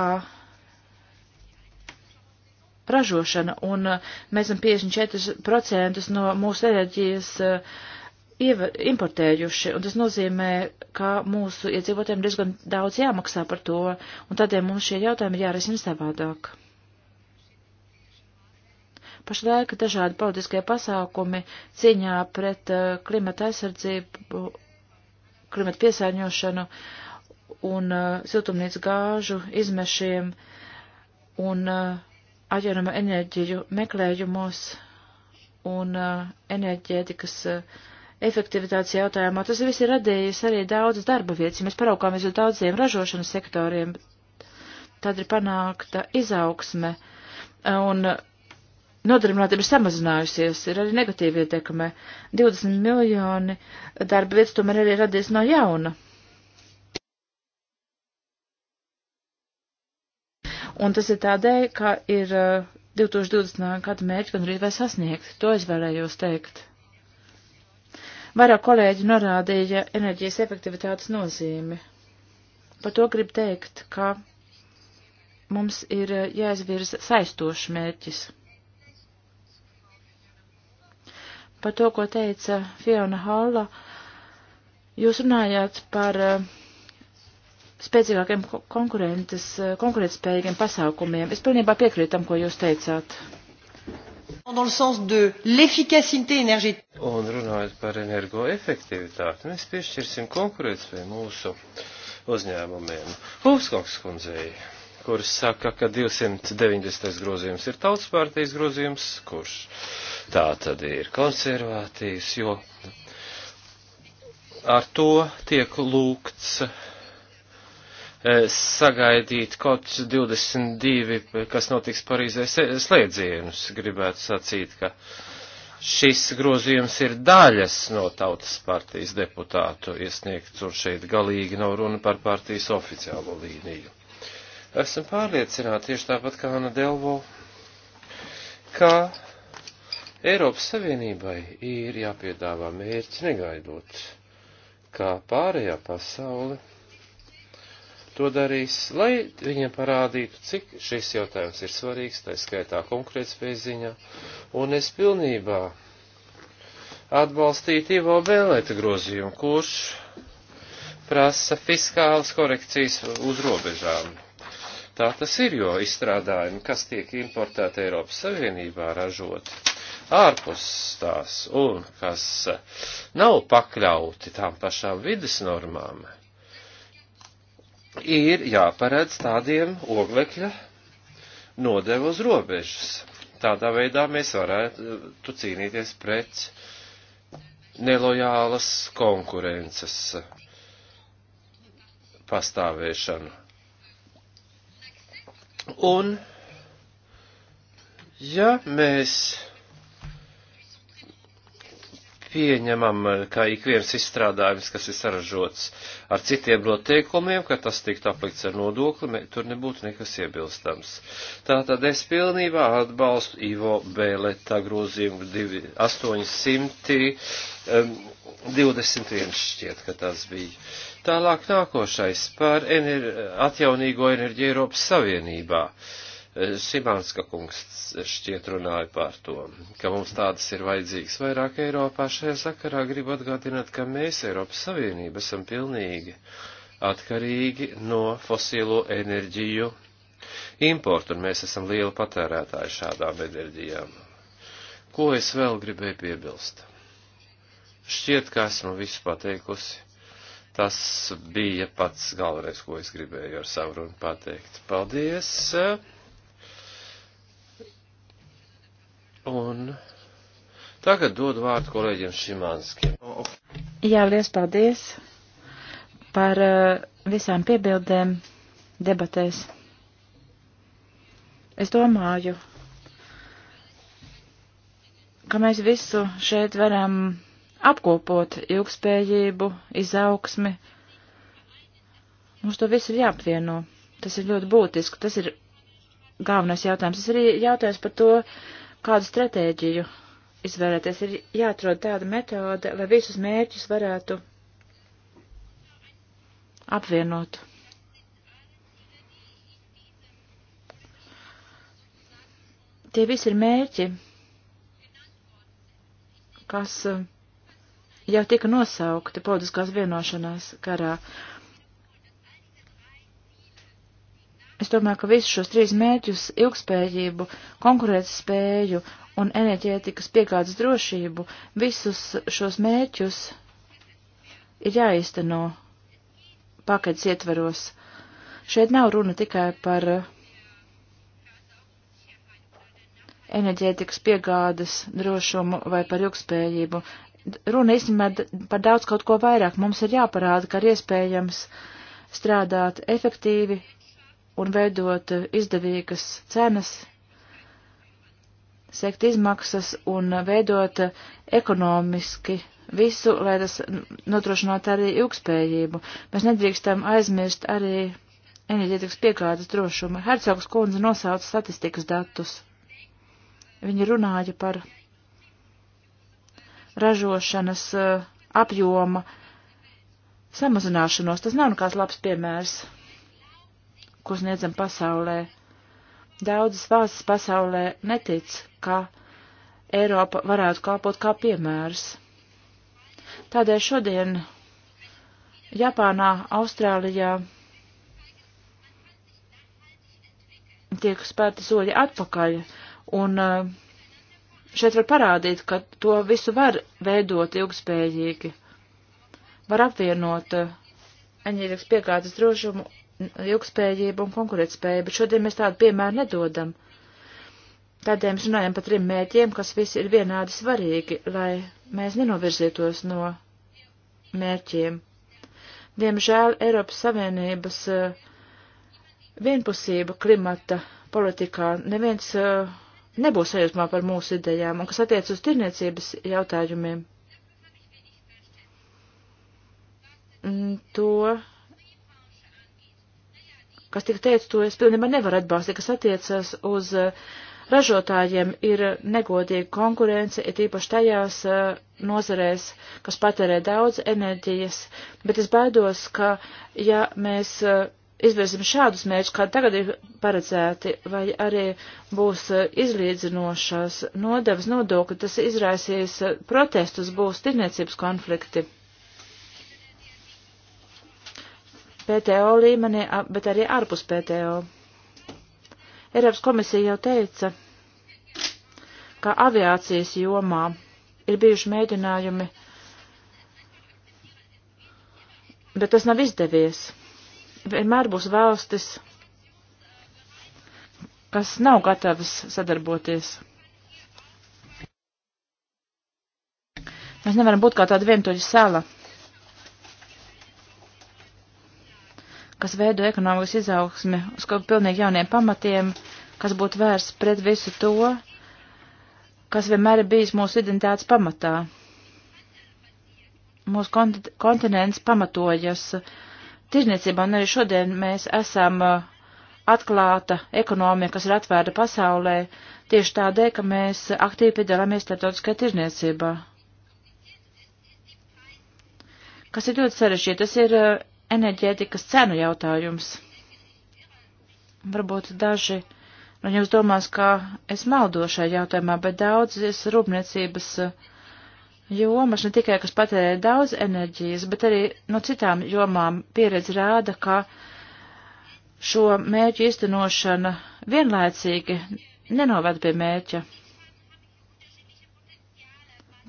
Speaker 3: ražošana, un uh, mēs esam 54% no mūsu enerģijas uh, importējuši, un tas nozīmē, ka mūsu iedzīvotājiem diezgan daudz jāmaksā par to, un tādēļ mums šie jautājumi ir jārisina savādāk. Pašlaik dažādi politiskie pasākumi cīņā pret uh, klimata aizsardzību, klimata piesārņošanu un siltumnīca gāžu izmešiem un uh, atjaunamo enerģiju meklējumos un uh, enerģētikas uh, efektivitātes jautājumā. Tas viss ir radījis arī daudz darba vietas. Ja mēs paraugāmies uz daudziem ražošanas sektoriem, tad ir panākta izaugsme un nodarbinātība ir samazinājusies, ir arī negatīva ietekme. 20 miljoni darba vietas tomēr arī radies no jauna. Un tas ir tādēļ, ka ir 2020. Eh, gada mērķi gan arī vai sasniegt. To es vēlējos teikt. Vairāk kolēģi norādīja enerģijas efektivitātes nozīmi. Par to grib teikt, ka mums ir eh, jāizvirza saistošs mērķis. Par to, ko teica Fiona Halla, jūs runājāt par uh, spēcīgākiem eh, konkurētspējīgiem pasākumiem. Es pilnībā piekrītu tam, ko jūs teicāt. Dans le sens
Speaker 1: de l'efficacité énergétique. Un runājot par energoefektivitāti, mēs piešķirsim konkurētspēju mūsu uzņēmumiem. Hūskungs kundzei, kurš saka, ka 290. grozījums ir tautspārtīs grozījums, kurš tā tad ir konservatīvs, jo ar to tiek lūgts Eh, sagaidīt kaut 22, kas notiks Parīzē slēdzienus. Gribētu sacīt, ka šis grozījums ir daļas no tautas partijas deputātu iesniegts, un šeit galīgi nav runa par partijas oficiālo līniju. Esmu pārliecināti, tieši tāpat kā Ana Delvo, ka Eiropas Savienībai ir jāpiedāvā mērķi negaidot, kā pārējā pasaule to darīs, lai viņiem parādītu, cik šis jautājums ir svarīgs, tā skaitā konkrētspējas ziņā, un es pilnībā atbalstītu Ivo Bēlēta grozījumu, kurš prasa fiskālas korekcijas uz robežām. Tā tas ir, jo izstrādājumi, kas tiek importēti Eiropas Savienībā ražot ārpus tās un kas nav pakļauti tām pašām vidas normām, ir jāparedz tādiem oglekļa nodevu uz robežas. Tādā veidā mēs varētu cīnīties pret nelojālas konkurences pastāvēšanu. Un, ja mēs pieņemam, ka ik viens izstrādājums, kas ir saražots ar citiem noteikumiem, ka tas tiktu aplikts ar nodokli, tur nebūtu nekas iebilstams. Tātad es pilnībā atbalstu Ivo Bēleta grozījumu 821 um, šķiet, ka tas bija. Tālāk nākošais par ener atjaunīgo enerģiju Eiropas Savienībā. Uh, Šimanska kungs šķiet runāja par to, ka mums tādas ir vajadzīgas vairāk Eiropā. Šajā sakarā gribu atgādināt, ka mēs Eiropas Savienība esam pilnīgi atkarīgi no fosilo enerģiju importu, un mēs esam liela patērētāja šādām enerģijām. Ko es vēl gribēju piebilst? Šķiet, ka esmu visu pateikusi. Tas bija pats galvenais, ko es gribēju ar savu runu pateikt. Paldies! Un tagad dodu vārdu kolēģiem Šimanskiem.
Speaker 3: Jā, liels paldies par eh, visām piebildēm debatēs. Es domāju, ka mēs visu šeit varam apkopot ilgspējību, izaugsmi. Mums to visu ir jāapvieno. Tas ir ļoti būtiski. Tas ir galvenais jautājums. Tas ir jautājums par to, kādu stratēģiju izvēlēties. Ir jāatrod tāda metode, lai visus mērķus varētu apvienot. Tie visi ir mērķi, kas eh, jau tika nosaukti politiskās vienošanās karā. Es domāju, ka visus šos trīs mērķus - ilgspējību, konkurētspēju un enerģētikas piegādes drošību - visus šos mērķus ir jāizteno paketes ietveros. Šeit nav runa tikai par enerģētikas piegādes drošumu vai par ilgspējību. Runa īstenībā par daudz kaut ko vairāk. Mums ir jāparāda, ka ir iespējams strādāt efektīvi, un veidot eh, izdevīgas cenas, sekt izmaksas un veidot eh, ekonomiski visu, lai tas nodrošinātu arī ilgspējību. Mēs nedrīkstam aizmirst arī enerģētikas piegādes drošumu. Hercogs kundze nosauca statistikas datus. Viņa runāja par ražošanas eh, apjoma samazināšanos. Tas nav nekāds labs piemērs ko sniedzam pasaulē. Daudzas valstis pasaulē netic, ka Eiropa varētu kalpot kā piemērs. Tādēļ šodien Japānā, Austrālijā tiek spērti soļi atpakaļ, un eh, šeit var parādīt, ka to visu var veidot ilgspējīgi var apvienot eh, enerģijas piegādes drošumu ilgspējību un konkurētspēju, bet šodien mēs tādu piemēru nedodam. Tādēļ mēs runājam par trim mērķiem, kas visi ir vienādi svarīgi, lai mēs nenovirzītos no mērķiem. Diemžēl Eiropas Savienības eh, vienpusība klimata politikā neviens eh, nebūs sajūsmā par mūsu idejām, un kas attiec uz tirniecības jautājumiem. Mm, to kas tika teicis, to es pilnībā nevaru atbalstīt, kas attiecas uz eh, ražotājiem, ir negodīga konkurence, ir īpaši tajās eh, nozarēs, kas patērē daudz enerģijas, bet es baidos, ka ja mēs eh, izvirsim šādus mērķus, kādi tagad ir paredzēti, vai arī būs izlīdzinošās nodevas nodokļi, tas izraisīs protestus, būs tirniecības konflikti. PTO līmenī, bet arī ārpus PTO. Eiropas komisija jau teica, ka aviācijas jomā ir bijuši mēģinājumi, bet tas nav izdevies. Vienmēr būs valstis, kas nav gatavas sadarboties. Mēs nevaram būt kā tāda vientuļa sala. kas veido ekonomikas izaugsmi uz kaut pilnīgi jauniem pamatiem, kas būtu vērsts pret visu to, kas vienmēr ir bijis mūsu identitātes pamatā. Mūsu kont kontinents pamatojas tirzniecībā, un arī šodien mēs esam uh, atklāta ekonomika, kas ir atvērta pasaulē, tieši tādēļ, ka mēs aktīvi piedalāmies starptautiskajā tirzniecībā kas ir ļoti sarežģīti. Tas ir uh, enerģētikas cenu jautājums. Varbūt daži no nu, jums domās, ka es maldo šajā jautājumā, bet daudzas rūpniecības eh, jomas, ne tikai, kas patērē daudz enerģijas, bet arī no citām jomām pieredze rāda, ka šo mērķu īstenošana vienlaicīgi nenovad pie mērķa.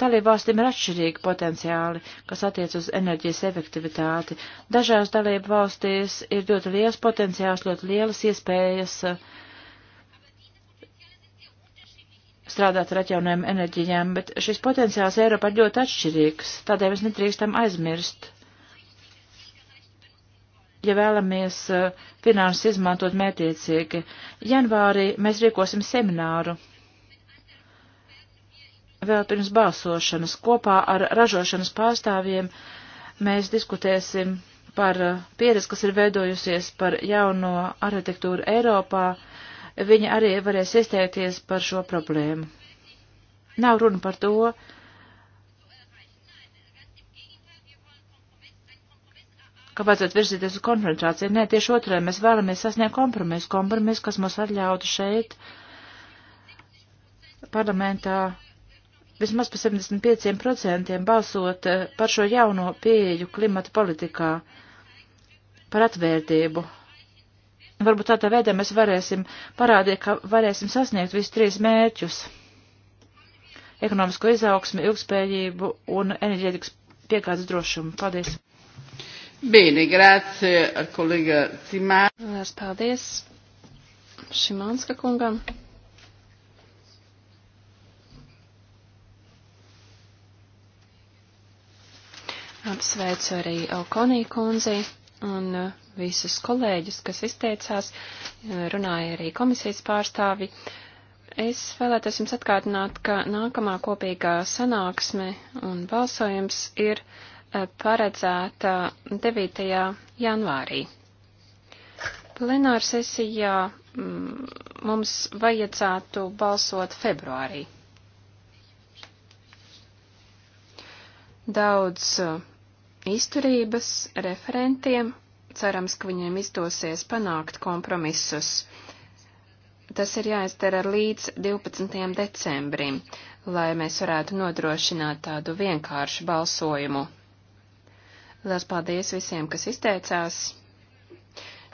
Speaker 3: Dalībvalstīm ir atšķirīgi potenciāli, kas attiec uz enerģijas efektivitāti. Dažās dalībvalstīs ir ļoti liels potenciāls, ļoti lielas iespējas eh, strādāt ar atjaunojumu enerģijām, bet šis potenciāls Eiropā ir ļoti atšķirīgs, tādēļ mēs nedrīkstam aizmirst. Ja vēlamies eh, finanses izmantot mētiecīgi, janvārī mēs rīkosim semināru vēl pirms balsošanas. Kopā ar ražošanas pārstāvjiem mēs diskutēsim par uh, pieredzi, kas ir veidojusies par jauno arhitektūru Eiropā. Viņi arī varēs iestāties par šo problēmu. Nav runa par to, ka vajadzētu virzīties uz konfrontāciju. Nē, tieši otrādi mēs vēlamies sasniegt kompromisu, kompromisu, kas mums atļautu šeit parlamentā vismaz pa 75% balsot eh, par šo jauno pieeju klimata politikā, par atvērtību. Varbūt tādā veidā mēs varēsim parādīt, ka varēsim sasniegt visus trīs mērķus - ekonomisko izaugsmi, ilgspējību un enerģētikas piegādes drošumu. Paldies!
Speaker 2: Bene, grazie, kolēģa Cimā. Paldies Šimanska kungam. Apsveicu arī Konī kundzi un uh, visus kolēģus, kas izteicās, runāja arī komisijas pārstāvi. Es vēlētos jums atkārtināt, ka nākamā kopīgā sanāksme un balsojums ir uh, paredzēta 9. janvārī. Plenāra sesijā mm, mums vajadzētu balsot februārī. Daudz uh, izturības referentiem. Cerams, ka viņiem izdosies panākt kompromisus. Tas ir jāizdara līdz 12. decembrim, lai mēs varētu nodrošināt tādu vienkāršu balsojumu. Lielas paldies visiem, kas izteicās!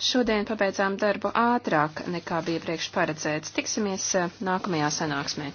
Speaker 2: Šodien pabeidzām darbu ātrāk nekā bija priekš paredzēts. Tiksimies uh, nākamajā sanāksmē.